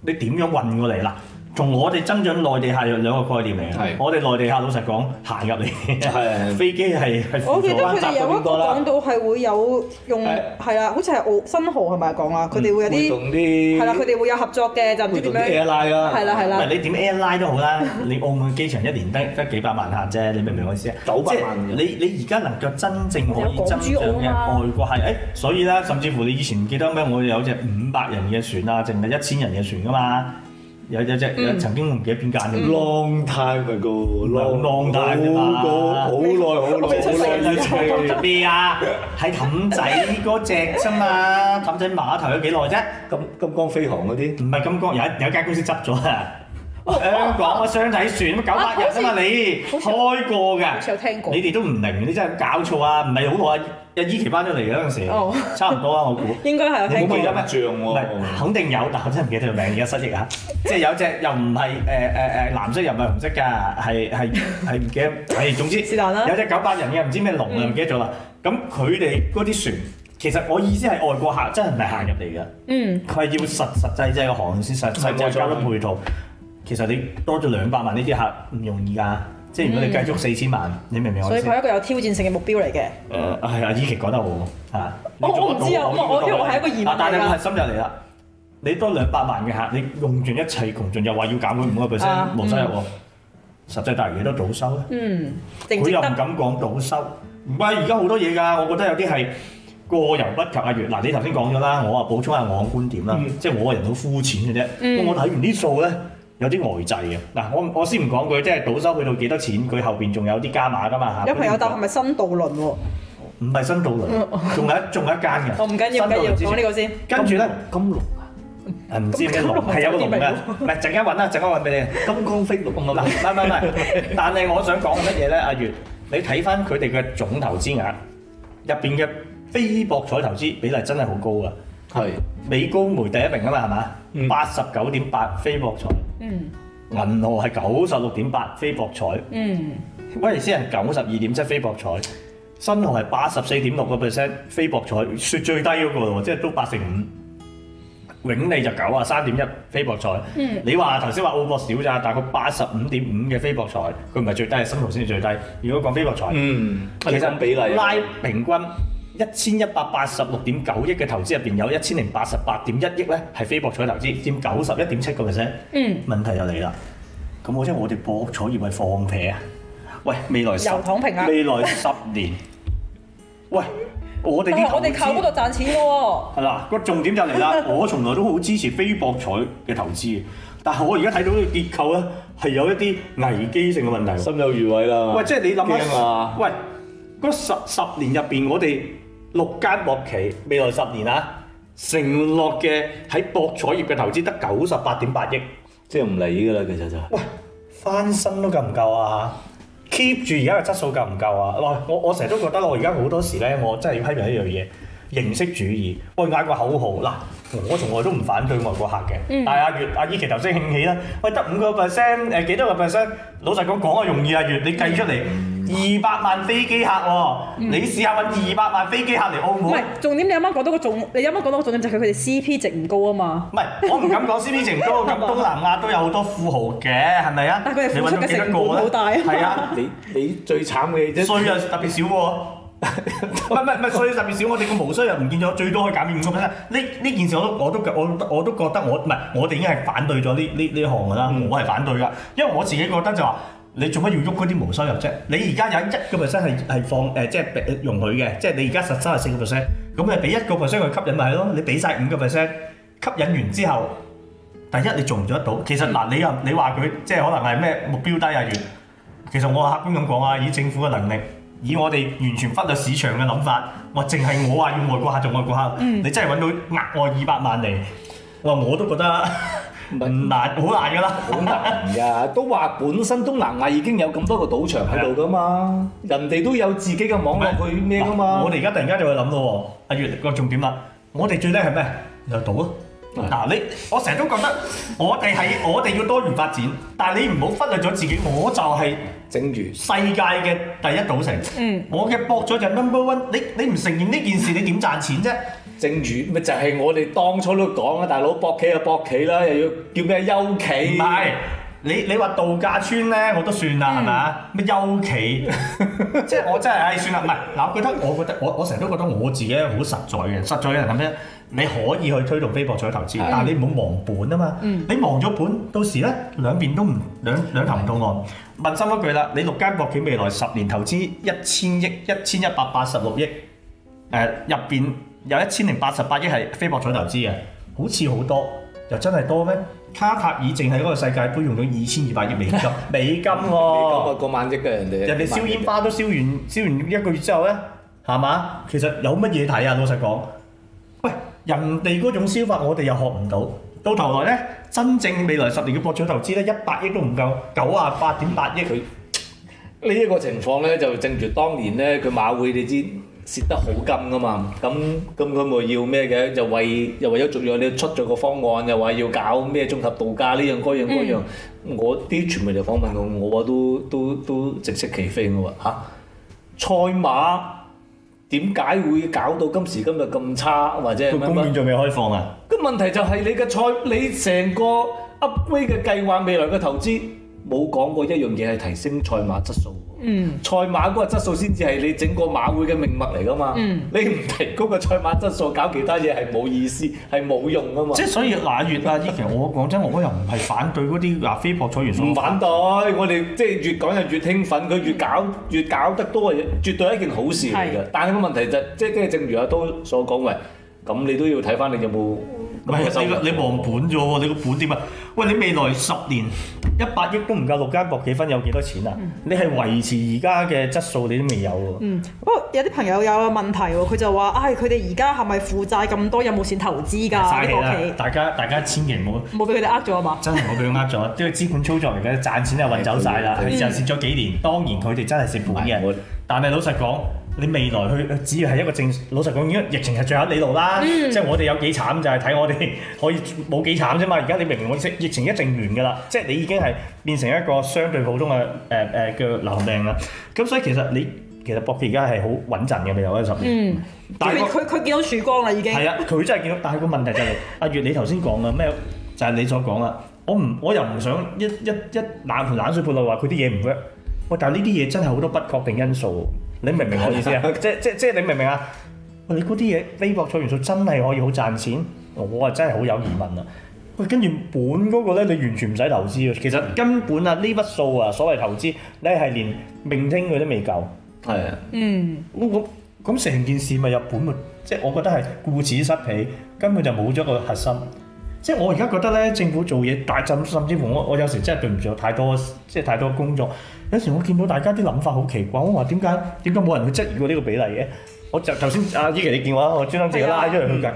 你點樣運過嚟啦？嗱從我哋增長內地客兩個概念嚟，我哋內地客老實講行入嚟，飛機係係輔我記得佢哋有一冇講到係會有用？係啦，好似係澳新航係咪講啊？佢哋會有啲係啦，佢哋會有合作嘅，就唔知咩？佢做啲 A L 拉啦，係啦係啦。唔係你點 A L 拉都好啦，你澳門機場一年得得幾百萬客啫，你明唔明我意思啊？九百萬。即你你而家能夠真正可以增長嘅外國客，誒，所以啦，甚至乎你以前記得咩？我有隻五百人嘅船啊，淨係一千人嘅船噶嘛。有有隻有曾經唔記得邊間咯，long timeago，long long time ago 啫嘛，好耐好耐，好耐好耐，特別啊，喺氹仔嗰隻啫嘛，氹仔碼頭有幾耐啫？金金光飛航嗰啲？唔係金光，有有間公司執咗啊！香港嗰雙體船九百日啊嘛，你開過㗎？有聽過？你哋都唔明，你真係搞錯啊！唔係好耐。依期翻到嚟嗰陣時，差唔多啦，我估應該係。你冇記得咩樣唔係，肯定有，但我真係唔記得個名，而家失憶啊！即係有隻又唔係誒誒誒藍色又唔係紅色㗎，係係係唔記得，係總之有隻九百人嘅唔知咩龍啊，唔記得咗啦。咁佢哋嗰啲船，其實我意思係外國客真係唔係行入嚟㗎。嗯，佢係要實實際際嘅航線，實實際交通配套。其實你多咗兩百萬呢啲客唔容易㗎。即係如果你繼續四千萬，你明唔明我意思？所以佢係一個有挑戰性嘅目標嚟嘅。誒，係啊，依期講得好啊。我唔知啊，我我因為我係一個疑問啊。但係佢係收入嚟啦，你多兩百萬嘅客，你用盡一切窮盡，又話要減去五個 percent 冇收入喎，實際大約幾多賭收咧？嗯，佢又唔敢講賭收。唔怪而家好多嘢㗎，我覺得有啲係過猶不及啊。月嗱，你頭先講咗啦，我啊補充下我嘅觀點啦。即係我個人好膚淺嘅啫。嗯，我睇完啲數咧。有啲呆滯嘅嗱，我我先唔講佢，即係賭收去到幾多錢，佢後邊仲有啲加碼噶嘛嚇。有朋友答係咪新渡輪喎？唔係新渡輪，仲有一仲有一間嘅。唔緊要，唔緊要，講呢個先。跟住咧，金龍啊，唔知咩龍，係有個龍嘅，唔係，陣間揾啊，陣間揾俾你。金光飛龍咁啊，唔係唔係，但係我想講乜嘢咧，阿月，你睇翻佢哋嘅總投資額，入邊嘅非博彩投資比例真係好高啊！係，美高梅第一名啊嘛，係嘛？八十九點八非博彩，銀河係九十六點八非博彩，威尼斯人九十二點七非博彩，新濠係八十四點六個 percent 非博彩，算最低嗰個喎，即係都八成五，永利就九啊三點一非博彩。嗯、你話頭先話澳博少咋？大概八十五點五嘅非博彩，佢唔係最低，係新濠先至最低。如果講非博彩，嗯，其實比例拉平均。一千一百八十六點九億嘅投資入邊，有一千零八十八點一億咧，係非博彩投資，佔九十一點七個 percent。嗯，問題就嚟啦，咁即係我哋博彩業係放屁啊？喂，未來十年，未來十年， 喂，我哋呢個我哋靠嗰度賺錢嘅喎。係啦，個重點就嚟啦，我從來都好支持非博彩嘅投資，但係我而家睇到呢個結構咧，係有一啲危機性嘅問題，心有餘味啦。喂，即係你諗下！喂，嗰十十年入邊，我哋六間博企未來十年啊，承諾嘅喺博彩業嘅投資得九十八點八億，即係唔理㗎啦，其實就喂翻身都夠唔夠啊？Keep 住而家嘅質素夠唔夠啊？喂，我我成日都覺得我而家好多時咧，我真係要批評一樣嘢形式主義。我嗌個口號嗱，我從來都唔反對外國客嘅，但係阿月阿伊琪頭先興起啦，喂，得五個 percent 誒幾多個 percent？老實講講啊，容易啊月，你計出嚟。二百萬飛機客喎，你試下揾二百萬飛機客嚟澳門。唔係，重點你啱啱講到個重點，你啱啱講到個重點就係佢哋 CP 值唔高啊嘛。唔係，我唔敢講 CP 值唔高，咁 吧東南亞都有好多富豪嘅，係咪啊？但係佢哋富嘅規模好大啊嘛。係啊，你你最慘嘅稅啊特別少喎。唔係唔係唔係，稅特別少，我哋個無稅又唔見咗，最多可以減免五個 percent。呢呢件事我都我都我都我都覺得我唔係，我哋已經係反對咗呢呢呢一行噶啦，嗯、我係反對噶，因為我自己覺得就話。你做乜要喐嗰啲無收入啫？你而家有一個 percent 係係放誒，即係容許嘅，即係你而家實收係四個 percent，咁誒俾一個 percent 去吸引咪係咯？你俾晒五個 percent 吸引完之後，第一你做唔做得到？其實嗱，嗯、你又你話佢即係可能係咩目標低啊？其實我客觀咁講啊，以政府嘅能力，以我哋完全忽略市場嘅諗法，我淨係我話要外國客做外國客，嗯、你真係揾到額外二百萬嚟，我話我都覺得。 唔難，好難噶啦、啊！好難噶，都話本身東南亞已經有咁多個賭場喺度噶嘛，是的 人哋都有自己嘅網絡，去咩噶嘛？我哋而家突然間就去諗咯喎，阿月個重點啦，我哋最叻係咩？又、就係、賭咯！嗱是的、啊，你我成日都覺得我哋係我哋要多元發展，但係你唔好忽略咗自己，我就係正如世界嘅第一賭城。嗯正如、no.，我嘅博咗就 number one，你你唔承認呢件事，你點賺錢啫？正如，咪就係我哋當初都講啊，大佬博企就博企啦，又要叫咩休企？唔係你你話度假村咧，我都算啦，係咪啊？咩休企？ 即係是 我真係唉、哎、算啦，唔係嗱，我覺得我覺得我我成日都覺得我自己好實在嘅，實在嘅人咁啫。你可以去推動非博取投資，是但係你唔好忘本啊嘛。嗯、你忘咗本，到時咧兩邊都唔兩兩頭唔到岸。問心一句啦，你六間博企未來十年投資一千億一千一百八十六億誒入邊？Uh, 有一千零八十八億係非博彩投資啊，好似好多，又真係多咩？卡塔爾淨係嗰個世界盃用咗二千二百億美金， 美金喎、啊。個萬億嘅人哋，人哋燒煙花都燒完，燒完一個月之後咧，係嘛？其實有乜嘢睇啊？老實講，喂，人哋嗰種燒法我哋又學唔到，到頭來咧，真正未來十年嘅博彩投資咧，一百億都唔夠，九啊八點八億。佢呢一個情況咧，就正如當年咧佢馬會你知。蝕得好金噶嘛？咁咁佢咪要咩嘅？又為又為咗續約，你出咗個方案，又話要搞咩綜合度假呢樣嗰樣嗰樣。樣嗯、我啲傳媒就訪問我，我話都都都即即起飛嘅喎嚇。賽馬點解會搞到今時今日咁差，或者，個公園仲未開放啊？個問題就係你嘅賽，你成個 upgrade 嘅計劃未來嘅投資。冇講過一樣嘢係提升賽馬質素，賽、嗯、馬嗰個質素先至係你整個馬會嘅命脈嚟㗎嘛。嗯、你唔提高個賽馬質素，搞其他嘢係冇意思，係冇用㗎嘛。即係所以嗱，越阿依其實我講真，我真我又唔係反對嗰啲嗱，非博彩員，唔反，反對。我哋即係越講就越興奮，佢越搞越搞得多嘅嘢，絕對係一件好事嚟嘅。是但係個問題就是、即係正如阿都所講為，咁你都要睇翻你有冇。你你忘本咗喎，你個本點啊？喂，你未來十年一百億都唔夠六間博企分有幾多錢啊？你係維持而家嘅質素，你都未有喎。嗯，不過有啲朋友有個問題喎，佢就話，唉，佢哋而家係咪負債咁多？有冇錢投資㗎？大家千祈唔好俾佢哋呃咗啊嘛！真係冇俾佢呃咗，啲資本操作嚟嘅，賺錢就運走晒啦。佢又蝕咗幾年，當然佢哋真係蝕本嘅。但係老實講。你未來去，只要係一個正，老實講，因為疫情係最後一里路啦。嗯、即係我哋有幾慘就係睇我哋可以冇幾慘啫嘛。而家你明唔明？即係疫情一定完㗎啦，即係你已經係變成一個相對普通嘅誒誒嘅流行病啦。咁所以其實你其實博企而家係好穩陣嘅，未有係十。嗯，佢佢佢見到曙光啦，已經。係啊，佢真係見到，但係個問題就係、是、阿、 啊、月，你頭先講嘅咩就係你所講啦。我唔我又唔想一一一冷盆冷水潑落話佢啲嘢唔 work。喂，但係呢啲嘢真係好多不確定因素。你明唔明我意思啊？即即即你明唔明啊？喂，你嗰啲嘢非博彩元素真係可以好賺錢，我啊真係好有疑問啊！喂，跟 住本嗰個咧，你完全唔使投資啊！其實根本啊，呢筆數啊，所謂投資，你係連命聽佢都未夠。係啊。嗯。 咁咁咁成件事咪有本喎？即我覺得係顧此失彼，根本就冇咗個核心。即係我而家覺得咧，政府做嘢大陣，甚至乎我我有時真係對唔住，有太多即係太多工作。有時我見到大家啲諗法好奇怪，我話點解點解冇人去質疑過呢個比例嘅？我就頭先阿依琪你電話，我專登自己拉出嚟去計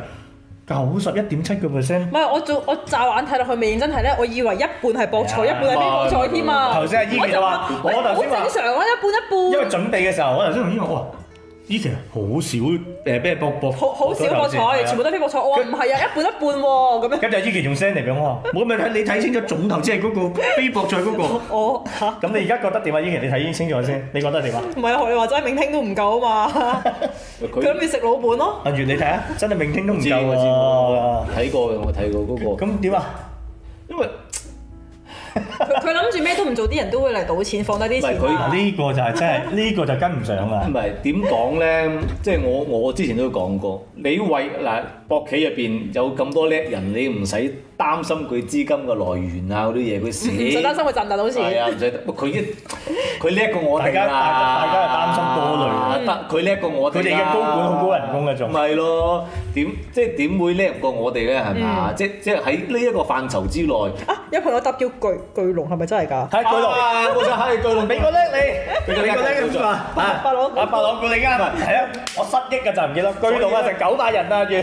九十一點七個 percent。唔係我做我驟眼睇落去未認真睇咧，我以為一半係博彩，是啊、一半係非博彩添啊？頭先阿依琪就話，是我頭先好正常啊，一半一半。因為準備嘅時候，我頭先同依個依期好少誒，咩博博？好少博彩，全部都係非博彩，佢唔係啊，一半一半喎，咁樣。咁就依期仲 send 嚟俾我啊，我今你睇清楚，總頭先係嗰個非博彩嗰個。我咁你而家覺得點啊？依期你睇已經清楚先，你覺得點啊？唔係啊，我話真係明聽都唔夠啊嘛。佢諗住食老本咯。阿源你睇啊，真係明聽都唔夠啊！睇過嘅我睇過嗰個。咁點啊？因為。佢諗住咩都唔做，啲人都會嚟賭錢，放低啲錢。唔係，佢呢個就係，是，真係呢 個就跟唔上啊！唔係點講咧？即係，就是，我我之前都講過，你為嗱。博企入邊有咁多叻人，你唔使擔心佢資金嘅來源啊嗰啲嘢，佢死唔使擔心佢賺唔賺到錢。係啊，唔使。佢一佢叻過我哋啊！大家大家大家又擔心多類啊。得佢叻過我哋啊！佢哋嘅高管好高人工嘅仲。唔係咯？點即係點會叻過我哋咧？係咪？即即喺呢一個範疇之內。啊！有朋友答叫巨巨龍係咪真係㗎？係巨龍，我就係巨龍，畀個叻你。畀個叻嘅叫做啊，發廊啊，發廊佢哋啱啊！我失憶嘅就唔記得，巨龍啊，就九百人啊，住。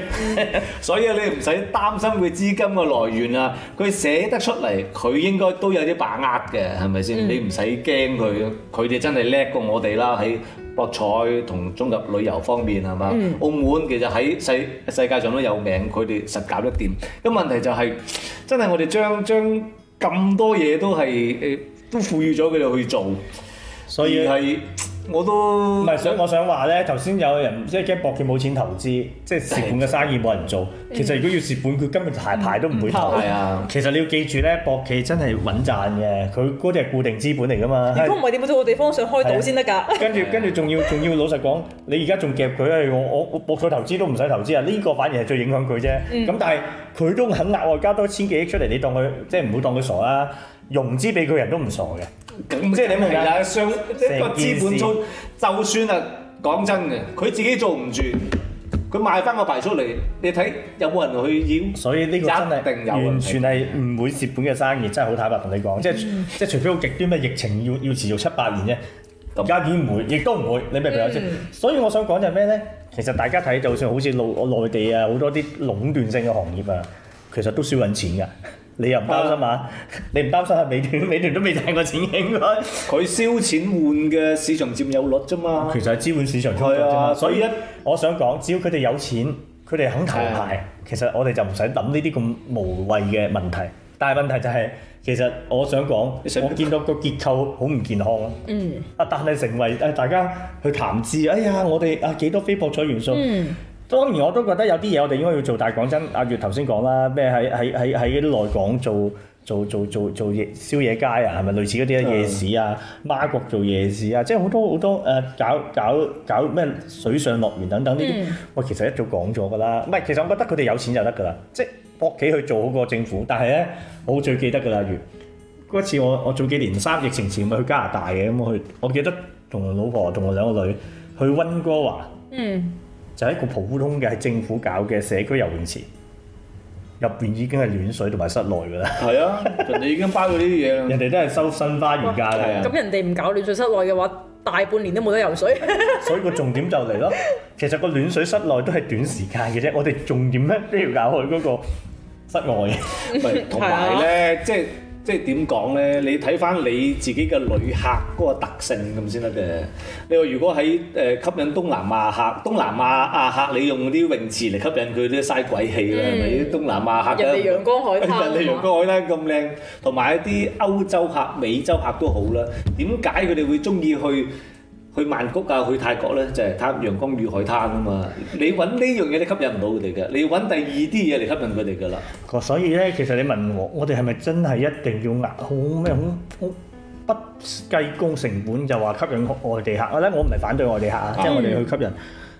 所以你唔使擔心佢資金嘅來源啊。佢寫得出嚟，佢應該都有啲把握嘅，係咪先？嗯、你唔使驚佢，佢哋真係叻過我哋啦。喺博彩同綜合旅遊方面係嘛？嗯、澳門其實喺世世界上都有名，佢哋實搞得掂。咁問題就係、是，真係我哋將將咁多嘢都係誒，都賦予咗佢哋去做，所以係。我都唔係，所以我想話咧，頭先有人即係驚博企冇錢投資，即係蝕本嘅生意冇人做。其實如果要蝕本，佢根本排排都唔會投。係、嗯、啊，其實你要記住咧，博企真係穩賺嘅，佢嗰啲係固定資本嚟㗎嘛。如果唔係點會有地方是想開賭先得㗎？跟住跟住仲要仲要，老實講，你而家仲夾佢係 我我博佢投資都唔使投資啊！呢、這個反而係最影響佢啫。咁、嗯、但係佢都肯額外加多千幾億出嚟，你當佢即係唔好當佢傻啦。融資俾佢人都唔傻嘅，即係你明唔明啊？商即係個資本出就算啊，講真嘅，佢自己做唔住，佢賣翻個牌出嚟，你睇有冇人去要？所以呢個真係完全係唔會蝕本嘅生意，真係好坦白同你講，即係、嗯、即係除非好極端嘅疫情要要持續七八年啫，而家、嗯、已經唔會亦都唔會。會嗯、你明唔明啊？所以我想講就係咩咧？其實大家睇就算好似內內地啊，好多啲壟斷性嘅行業啊，其實都少揾錢㗎。你又唔擔心嘛？是的 你唔擔心係美團，美團都未賺過錢應該。 佢燒錢換嘅市場佔有率啫嘛。其實係資本市場開啊，的所以咧，我想講，只要佢哋有錢，佢哋肯投牌，是的 其實我哋就唔使諗呢啲咁無謂嘅問題。但係問題就係、是，其實我想講，想我見到個結構好唔健康啊。嗯。啊，但係成為誒大家去談資，哎呀，我哋啊幾多非博彩元素。嗯當然我都覺得有啲嘢我哋應該要做，但係講真、啊，阿月頭先講啦，咩喺喺喺喺啲內港做做做做做夜宵夜街啊，係咪類似嗰啲夜市啊，孖、嗯、國做夜市啊，即係好多好多誒、呃、搞搞搞咩水上樂園等等呢啲，我、嗯、其實一早講咗㗎啦，唔係其實我覺得佢哋有錢就得㗎啦，即係博企去做好過政府，但係咧我最記得㗎啦，月嗰次我我做幾年三年疫情前咪去加拿大嘅，咁我去我記得同老婆同我兩個女去温哥華。嗯就係一個普通嘅，係政府搞嘅社區游泳池，入邊已經係暖水同埋室內㗎啦。係啊，人哋已經包咗呢啲嘢啦。人哋都係收新花園價㗎。咁人哋唔搞暖水室內嘅話，大半年都冇得游水。所以個重點就嚟咯。其實個暖水室內都係短時間嘅啫，我哋重點咧都要搞去嗰個室外嘅，同埋咧即係。即係點講咧？你睇返你自己嘅旅客嗰個特性咁先得嘅。你話如果喺誒吸引東南亞客，東南亞亞客，你用啲泳池嚟吸引佢，都嘥鬼氣啦，咪、嗯、東南亞客嘅。人哋陽光海灘、哎，人哋陽光海灘咁靚，同埋、嗯、一啲歐洲客、美洲客都好啦。點解佢哋會鍾意去？去曼谷啊，去泰國咧，就係貪陽光與海灘啊嘛。你揾呢樣嘢，你吸引唔到佢哋嘅。你揾第二啲嘢嚟吸引佢哋㗎啦。所以咧，其實你問我，我哋係咪真係一定要壓好咩？好、嗯嗯、不計工成本就話吸引外地客？我咧，我唔係反對外地客啊，嗯、即係我哋去吸引。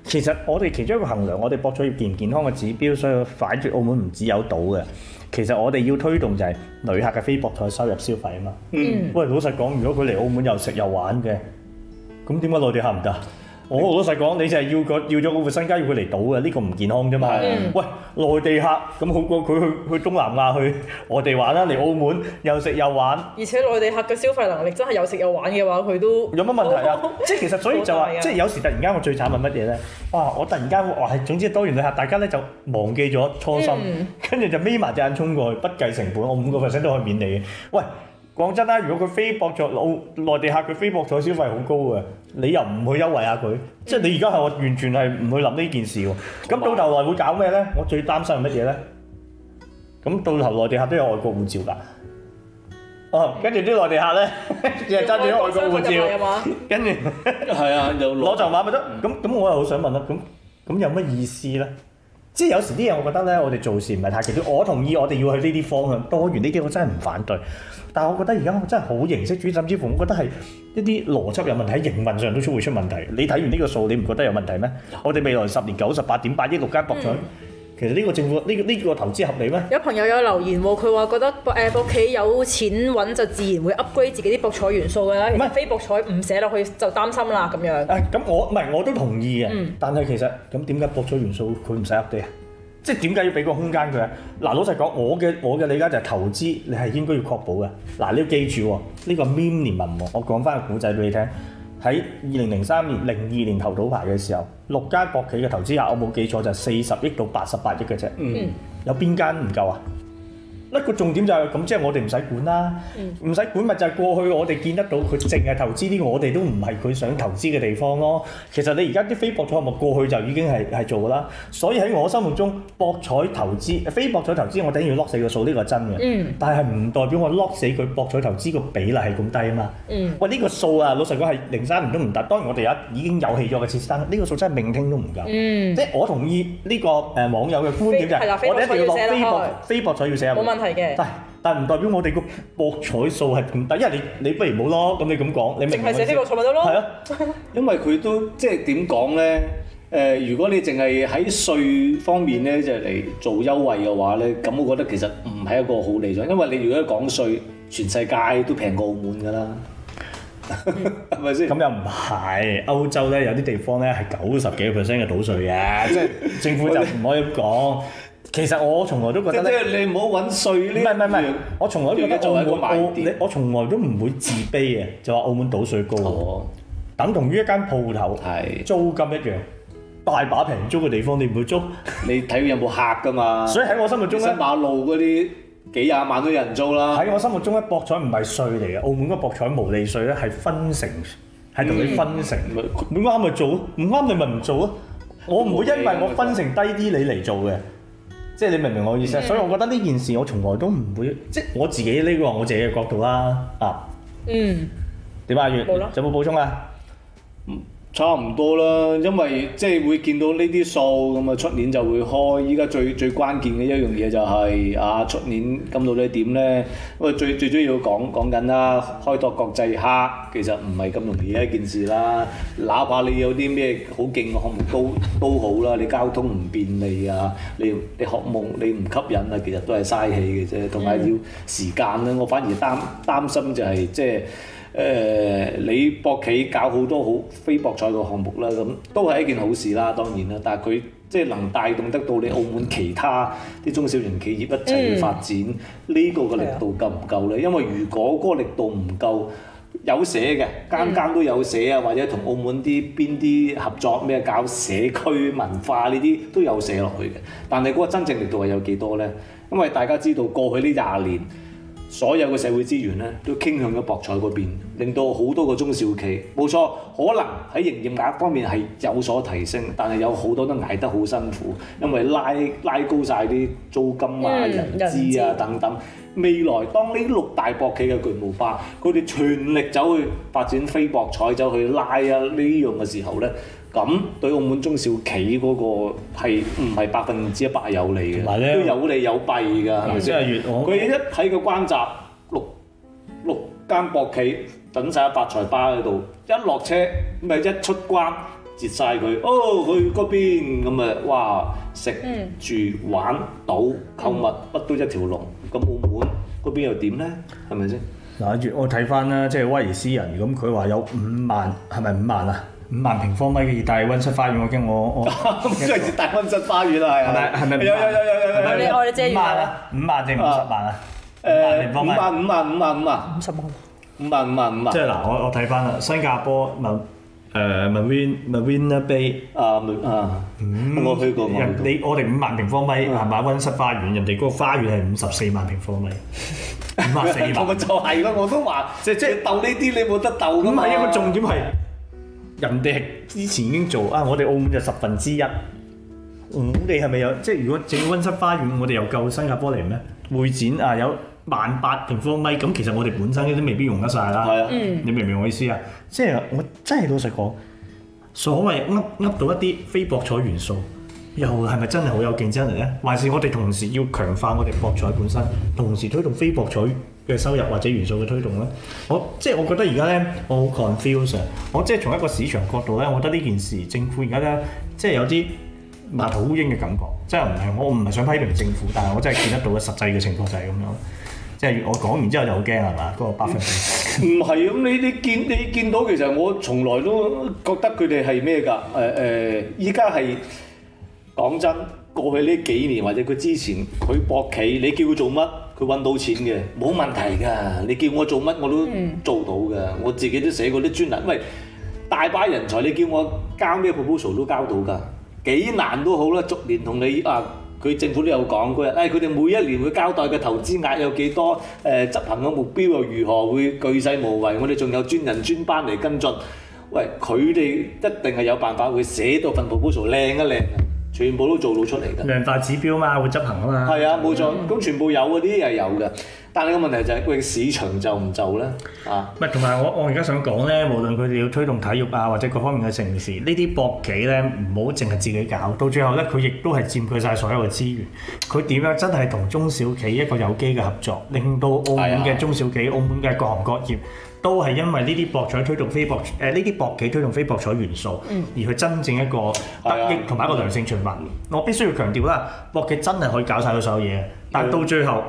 其實我哋其中一個衡量，我哋博彩業健唔健康嘅指標，所以反決澳門唔止有賭嘅。其實我哋要推動就係旅客嘅非博彩收入消費啊嘛。嗯。喂、嗯，老實講，如果佢嚟澳門又食又玩嘅。咁點解內地客唔得？我老實講，你就係要佢要咗嗰副身家，要佢嚟賭啊！呢、這個唔健康啫嘛。嗯、喂，內地客咁好過，佢去去東南亞去我哋玩啦，嚟澳門又食又玩。而且內地客嘅消費能力真係又食又玩嘅話，佢都有乜問題啊？ 即係其實所以就話， 的即係有時突然間我最慘係乜嘢咧？哇！我突然間話係，總之多元旅客大家咧就忘記咗初心，跟住、嗯、就眯埋隻眼衝過去，不計成本，我五個 percent 都可以免你嘅。喂，講真啦，如果佢非博彩澳內地客，佢非博彩消費好高嘅。你又唔去優惠下佢，即係你而家係我完全係唔去諗呢件事喎。咁到頭來會搞咩咧？我最擔心係乜嘢咧？咁到頭來，內地客都有外國護照㗎。哦、啊，跟住啲內地客咧，又揸住啲外國護照，護照跟住係啊，嗯、 就攞、嗯、就玩咪得。咁咁我又好想問啦，咁咁有乜意思咧？即係有時啲嘢，我覺得咧，我哋做事唔係太極端。我同意我哋要去呢啲方向，多元呢啲我真係唔反對。但係我覺得而家我真係好形式主義，甚至乎我覺得係一啲邏輯有問題，喺營運上都出會出問題。你睇完呢個數，你唔覺得有問題咩？我哋未來十年，九十八點八億六間博彩。嗯其實呢個政府呢呢、這個這個投資合理咩？有朋友有留言喎、哦，佢話覺得誒屋企有錢揾就自然會 upgrade 自己啲博彩元素㗎啦，唔係非博彩唔寫落去就擔心啦咁樣。誒咁、哎、我唔係我都同意嘅，嗯、但係其實咁點解博彩元素佢唔使 update 啊？即係點解要俾個空間佢啊？嗱老實講，我嘅我嘅理解就係投資你係應該要確保嘅。嗱你要記住呢、這個 minimum 我講翻個古仔俾你聽。喺二零零三年零二年投到牌嘅時候，六間博企嘅投資額，我冇記錯就係四十億到八十八億嘅啫。嗯，有邊間唔夠啊？一個重點就係、是、咁，即係我哋唔使管啦，唔使、嗯、管咪就係過去我哋見得到佢淨係投資啲，我哋都唔係佢想投資嘅地方咯。其實你而家啲非博彩項目過去就已經係係做噶啦。所以喺我心目中，博彩投資、非博彩投資，我一定要 lock 死個數呢、這個係真嘅。嗯、但係唔代表我 lock 死佢博彩投資個比例係咁低啊嘛。嗯、喂，呢、這個數啊，老實講係零三年都唔得。當然我哋有已經有起咗嘅設施，呢、這個數真係命聽都唔夠。嗯、即係我同意呢個誒網友嘅觀點就係、是，我哋一定要落非博非博彩要寫落係嘅是，但係但係唔代表我哋個博彩數係咁低，因為你你不如冇咯，咁你咁講，你明？淨係寫呢個錯物得咯，係啊，因為佢都即係點講咧？誒、呃，如果你淨係喺稅方面咧，就嚟做優惠嘅話咧，咁我覺得其實唔係一個好理想，因為你如果講稅，全世界都平過澳門㗎啦，係咪先？咁又唔係，歐洲咧有啲地方咧係九十幾個 percent 嘅賭稅嘅，即係 政府就唔可以講。 其實我從來都覺得即係你唔好揾稅呢樣。唔係唔係唔係，我從來都唔會，我從來都唔會自卑嘅，就話澳門賭稅高喎，等同於一間鋪頭，租金一樣，大把平租嘅地方你唔會租，你睇有冇客㗎嘛。所以喺我心目中咧，馬路嗰啲幾廿萬都有人租啦。喺我心目中咧，博彩唔係稅嚟嘅，澳門嗰個博彩無利稅咧係分成，係同你分成。唔啱咪做咯，唔啱你咪唔做咯。我唔會因為我分成低啲你嚟做嘅。即係你明唔明我意思？啊？嗯、所以我覺得呢件事我從來都唔會。即係我自己呢、個我自己嘅角度啦，啊，嗯，點啊？月有冇補充啊？差唔多啦，因為即係會見到呢啲數，咁啊出年就會開。依家最最關鍵嘅一樣嘢就係，啊出年咁到底點呢？因為最最主要講講緊啦，開拓國際客其實唔係咁容易嘅一件事啦。哪怕你有啲咩好勁嘅項目都都好啦，你交通唔便利啊，你你項目你唔吸引啊，其實都係嘥氣嘅啫。同埋要時間咧，我反而擔擔心就係，即係。誒、呃，你博企搞好多好非博彩嘅項目啦，咁都係一件好事啦，當然啦。但係佢即係能帶動得到你澳門其他啲中小型企業一齊去發展，呢、嗯、個嘅力度夠唔夠呢？的因為如果嗰個力度唔夠，有寫嘅，間間都有寫啊，嗯、或者同澳門啲邊啲合作咩搞社區文化呢啲都有寫落去嘅。但係嗰個真正力度係有幾多呢？因為大家知道過去呢廿年。所有嘅社會資源咧，都傾向咗博彩嗰邊，令到好多個中小企，冇錯，可能喺營業額方面係有所提升，但係有好多都捱得好辛苦，因為拉拉高晒啲租金啊、嗯嗯、人資啊等等。未來當呢六大博企嘅巨無霸佢哋全力走去發展非博彩，走去拉啊呢樣嘅時候咧。咁對澳門中小企嗰個係唔係百分之一百有利嘅？都有，有利有弊㗎。係咪先？佢我一睇個關閘六六間博企等晒一發財巴喺度，一落車咪一出關截晒佢。哦，去嗰邊咁啊！哇，食、嗯、住玩賭購物不、嗯、都一條龍？咁澳門嗰邊又點咧？係咪先？嗱、嗯，我睇翻啦，即、就、係、是、威尼斯人，咁佢話有五萬，係咪五萬啊？五萬平方米嘅熱帶温室花園，我驚我我。唔係熱帶温室花園啊！係咪係咪？有有有有有有。五萬啊！五萬定五十萬啊！五萬平方米。五萬五萬五萬五萬五十萬。五萬五萬五萬。即係嗱，我我睇翻啦，新加坡咪誒咪 Win 咪 Marina Bay 啊啊！我去過，我去過。人你我哋五萬平方米係咪温室花園？人哋嗰個花園係五十四萬平方米。五十四萬，我就係咯，我都話即即係鬥呢啲，你冇得鬥咁。唔係一個重點係。人哋係之前已經做啊，我哋澳門就十分之一。我哋係咪有即係如果整温室花園，我哋又夠新加坡嚟咩？會展啊有萬八平方米，咁其實我哋本身都未必用得晒啦。係啊、嗯，你明唔明我意思啊？即係我真係老實講，所謂呃噏到一啲非博彩元素，又係咪真係好有競爭力咧？還是我哋同時要強化我哋博彩本身，同時推動非博彩？嘅收入或者元素嘅推動咧、啊，我即係我覺得而家咧，我好 confuse 啊。我即係從一個市場角度咧，我覺得呢件事政府而家咧，即係有啲麻頭烏蠅嘅感覺，即係唔係我唔係想批評政府，但係我真係見得到嘅實際嘅情況就係咁樣。即係我講完之後就好驚係嘛？嗰、嗰個百分比唔係咁，你你見你見到其實我從來都覺得佢哋係咩㗎？誒、呃、誒，依家係講真，過去呢幾年或者佢之前佢博企，你叫佢做乜？佢揾到錢嘅冇問題㗎，你叫我做乜我都做到㗎。嗯、我自己都寫過啲專欄，因為大把人才，你叫我交咩 proposal 都交到㗎，幾難都好啦。逐年同你啊，佢政府都有講過，誒佢哋每一年會交代嘅投資額有幾多，誒、呃、執行嘅目標又如何，會巨細無遺。我哋仲有專人專班嚟跟進，喂，佢哋一定係有辦法會寫到份 proposal 靚一靚全部都做到出嚟嘅量化指標嘛，會執行啊嘛。係啊，冇錯。咁、嗯、全部有嗰啲係有嘅，但係個問題就係佢市場就唔就咧。啊，唔同埋我我而家想講咧，無論佢哋要推動體育啊，或者各方面嘅城市，呢啲博企咧唔好淨係自己搞，到最後咧佢亦都係佔據晒所有嘅資源。佢點樣真係同中小企一個有機嘅合作，令到澳門嘅中小企、澳門嘅各行各業。都係因為呢啲博彩推動非博，誒呢啲博企推動非博彩元素，嗯、而去真正一個得益同埋一個良性循環。嗯嗯、我必須要強調啦，博企真係可以搞晒佢所有嘢，但係到最後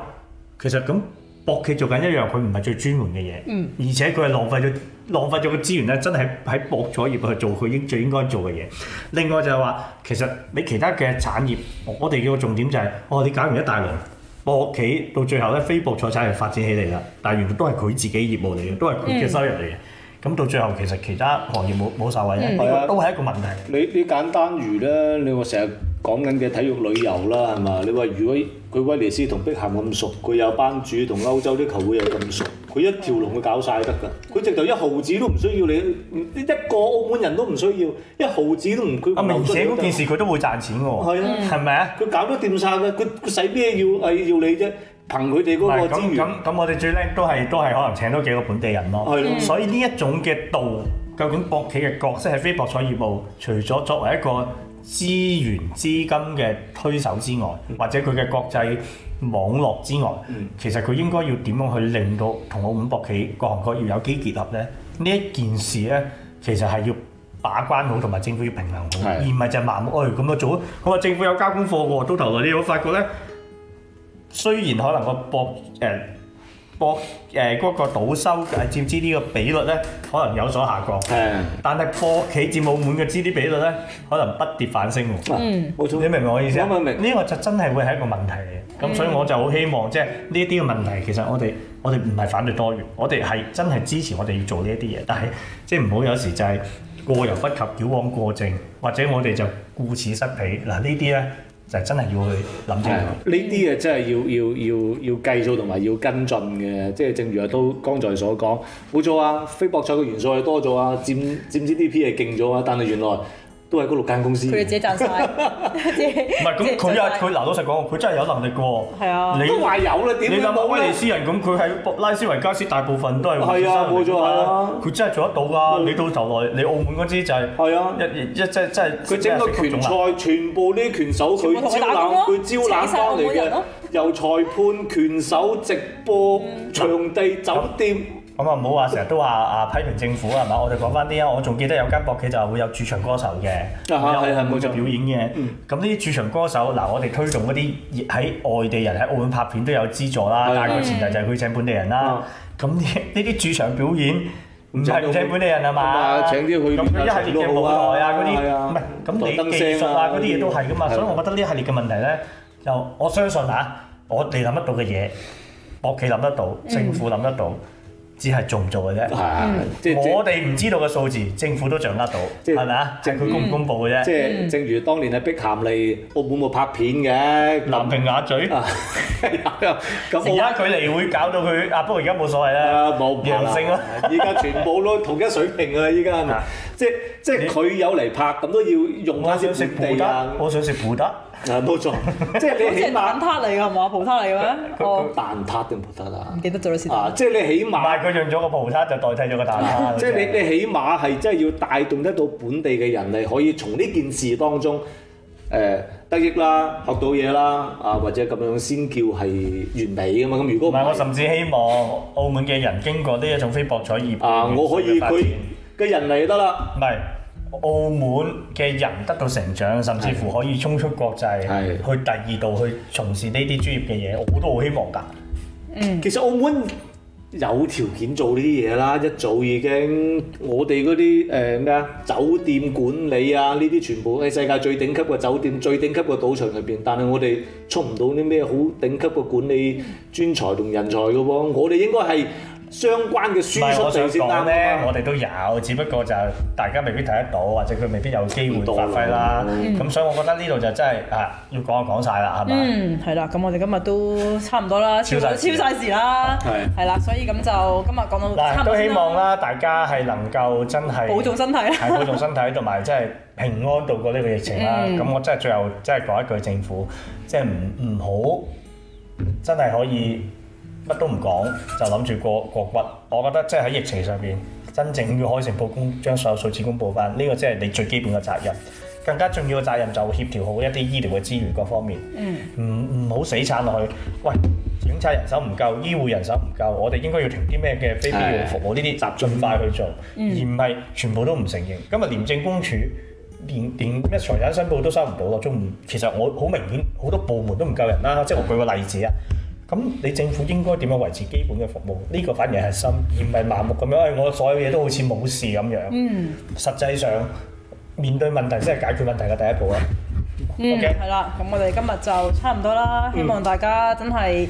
其實咁博企做緊一樣，佢唔係最專門嘅嘢，嗯、而且佢係浪費咗浪費咗個資源咧，真係喺博彩業去做佢應最應該做嘅嘢。另外就係話，其實你其他嘅產業，我哋嘅重點就係、是，哦，你搞完一大輪。博企到最後咧，非博彩產業係發展起嚟啦，但係原來都係佢自己業務嚟嘅，都係佢嘅收入嚟嘅。咁、嗯、到最後其實其他行業冇冇受惠咧，係啊、嗯，都係一個問題。嗯、你你簡單如咧，你話成日講緊嘅體育旅遊啦，係嘛？你話如果佢威尼斯同碧咸咁熟，佢有班主同歐洲啲球會又咁熟，佢一條龍佢搞晒得㗎，佢直頭一毫子都唔需要你，一一個澳門人都唔需要，一毫子都唔。佢明姐嗰件事佢都會賺錢㗎喎，係啊，係咪啊？佢的吧搞都掂晒㗎，佢使咩要要你啫？憑佢哋嗰個資源。咁咁我哋最叻都係都係可能請多幾個本地人咯、啊。係咯的。嗯、所以呢一種嘅道，究竟博企嘅角色係非博彩業務，除咗作為一個資源資金嘅推手之外，或者佢嘅國際。網絡之外，其實佢應該要點樣去令到同我五博企各行各業有機結合呢？呢一件事呢，其實係要把關好，同埋政府要平衡好，是的 而唔係就盲目。哎，咁樣做，我話政府有交功課喎，到頭來你會發覺呢，雖然可能個博誒。呃博誒嗰個賭收誒佔 GDP 嘅比率咧，可能有所下降。係、嗯，但係博企佔澳門嘅 GDP 比率咧，可能不跌反升喎。嗯，冇錯。你明白我意思？我明。呢個就真係會係一個問題嚟嘅。咁所以我就好希望即係呢一啲嘅問題，其實我哋我哋唔係反對多元，我哋係真係支持我哋要做呢一啲嘢。但係即係唔好有時就係過猶不及，矯枉過正，或者我哋就顧此失彼嗱呢啲啊。就真係要去諗清楚呢啲啊！的真係要要要要計數同埋要跟進嘅，即係正如啊都剛才所講，冇錯啊，非博彩嘅元素係多咗啊，佔佔 GDP 係勁咗啊，但係原來。都係嗰六間公司，佢自己賺晒。唔係，咁佢啊，佢嗱，老實講，佢真係有能力嘅喎。係啊，都話有啦。你諗下，威尼斯人咁，佢喺拉斯維加斯大部分都係澳門威尼斯人。佢真係做得到㗎。你到頭來，你澳門嗰支就係係啊，一、二、一，真真係。佢整個拳賽，全部呢啲拳手，佢招攬，佢招攬返嚟嘅，由裁判、拳手、直播、場地、酒店。咁啊，唔好話成日都話啊批評政府係嘛，我哋講翻啲啊，我仲記得有間博企就係會有駐場歌手嘅，有係冇做表演嘅。咁呢啲駐場歌手，嗱，我哋推動嗰啲喺外地人喺澳門拍片都有資助啦，但係個前提就係佢請本地人啦。咁呢啲駐場表演，唔係唔請本地人係嘛？請啲去嗰啲都好。一系列嘅舞台啊嗰啲，唔係咁你技術啊嗰啲嘢都係噶嘛，所以我覺得呢系列嘅問題咧，就我相信嚇，我哋諗得到嘅嘢，博企諗得到，政府諗得到。只係做唔做嘅啫，我哋唔知道嘅數字，政府都掌握到，係咪啊？即係佢公唔公佈嘅啫。即係正如當年係碧咸嚟澳門冇拍片嘅，臨屏雅聚。而家距離會搞到佢，不過而家冇所謂啦，良性啦，而家全部都同一水平啊！依家啊。即係佢有嚟拍，咁都要用翻少食地啊！我想食葡撻，啊冇錯，即係你起碼蛋撻嚟㗎係嘛？葡撻嚟嘅咩？葡 oh. 蛋撻定葡撻啊？唔記得咗啦先。即係你起唔係佢用咗個葡撻就代替咗個蛋撻。 即係你你起碼係真係要帶動得到本地嘅人嚟，可以從呢件事當中誒、呃、得益啦、學到嘢啦啊，或者咁樣先叫係完美㗎嘛。咁、啊、如果唔係，我甚至希望澳門嘅人經過呢一種非博彩業啊，我可以嘅人嚟就得啦，唔係澳門嘅人得到成長，甚至乎可以衝出國際，的去第二度去從事呢啲專業嘅嘢，我都好希望㗎。嗯，其實澳門有條件做呢啲嘢啦，一早已經我哋嗰啲誒咩啊酒店管理啊呢啲，全部喺世界最頂級嘅酒店、最頂級嘅賭場入邊，但係我哋衝唔到啲咩好頂級嘅管理專才同人才嘅，我哋應該係。相關嘅輸出想點咧，我哋都有，只不過就大家未必睇得到，或者佢未必有機會發揮啦。咁、嗯、所以，我覺得呢度就真係啊，要講就講晒啦，係咪？嗯，係啦吧。咁我哋今日都差唔多啦，超曬 size 超晒時啦，係啦、哦的。所以咁就今日講到差唔多。但係、啊、都希望啦，大家係能夠真係保重身體啦，係保重身體，同埋真係平安度過呢個疫情啦。咁、嗯、我真係最後真係講一句，政府即係唔唔好真係可以。乜都唔講就諗住過過骨，我覺得即係喺疫情上面，真正要開誠佈公，將所有數字公佈翻，呢、這個即係你最基本嘅責任。更加重要嘅責任就協調好一啲醫療嘅資源各方面。嗯。唔唔好死撐落去。喂，警察人手唔夠，醫護人手唔夠，我哋應該要停啲咩嘅非必要服務呢啲，集盡快去做，嗯、而唔係全部都唔承認。今日廉政公署連連咩財產申報都收唔到咯，仲。唔？其實我好明顯好多部門都唔夠人啦。即係我舉個例子啊。咁你政府應該點樣維持基本嘅服務？呢、這個反而係心，而唔係麻木咁樣。誒、哎，我所有嘢都好似冇事咁樣。嗯、實際上面對問題先係解決問題嘅第一步啦。k 係啦。咁 Okay? 我哋今日就差唔多啦。希望大家真係、嗯。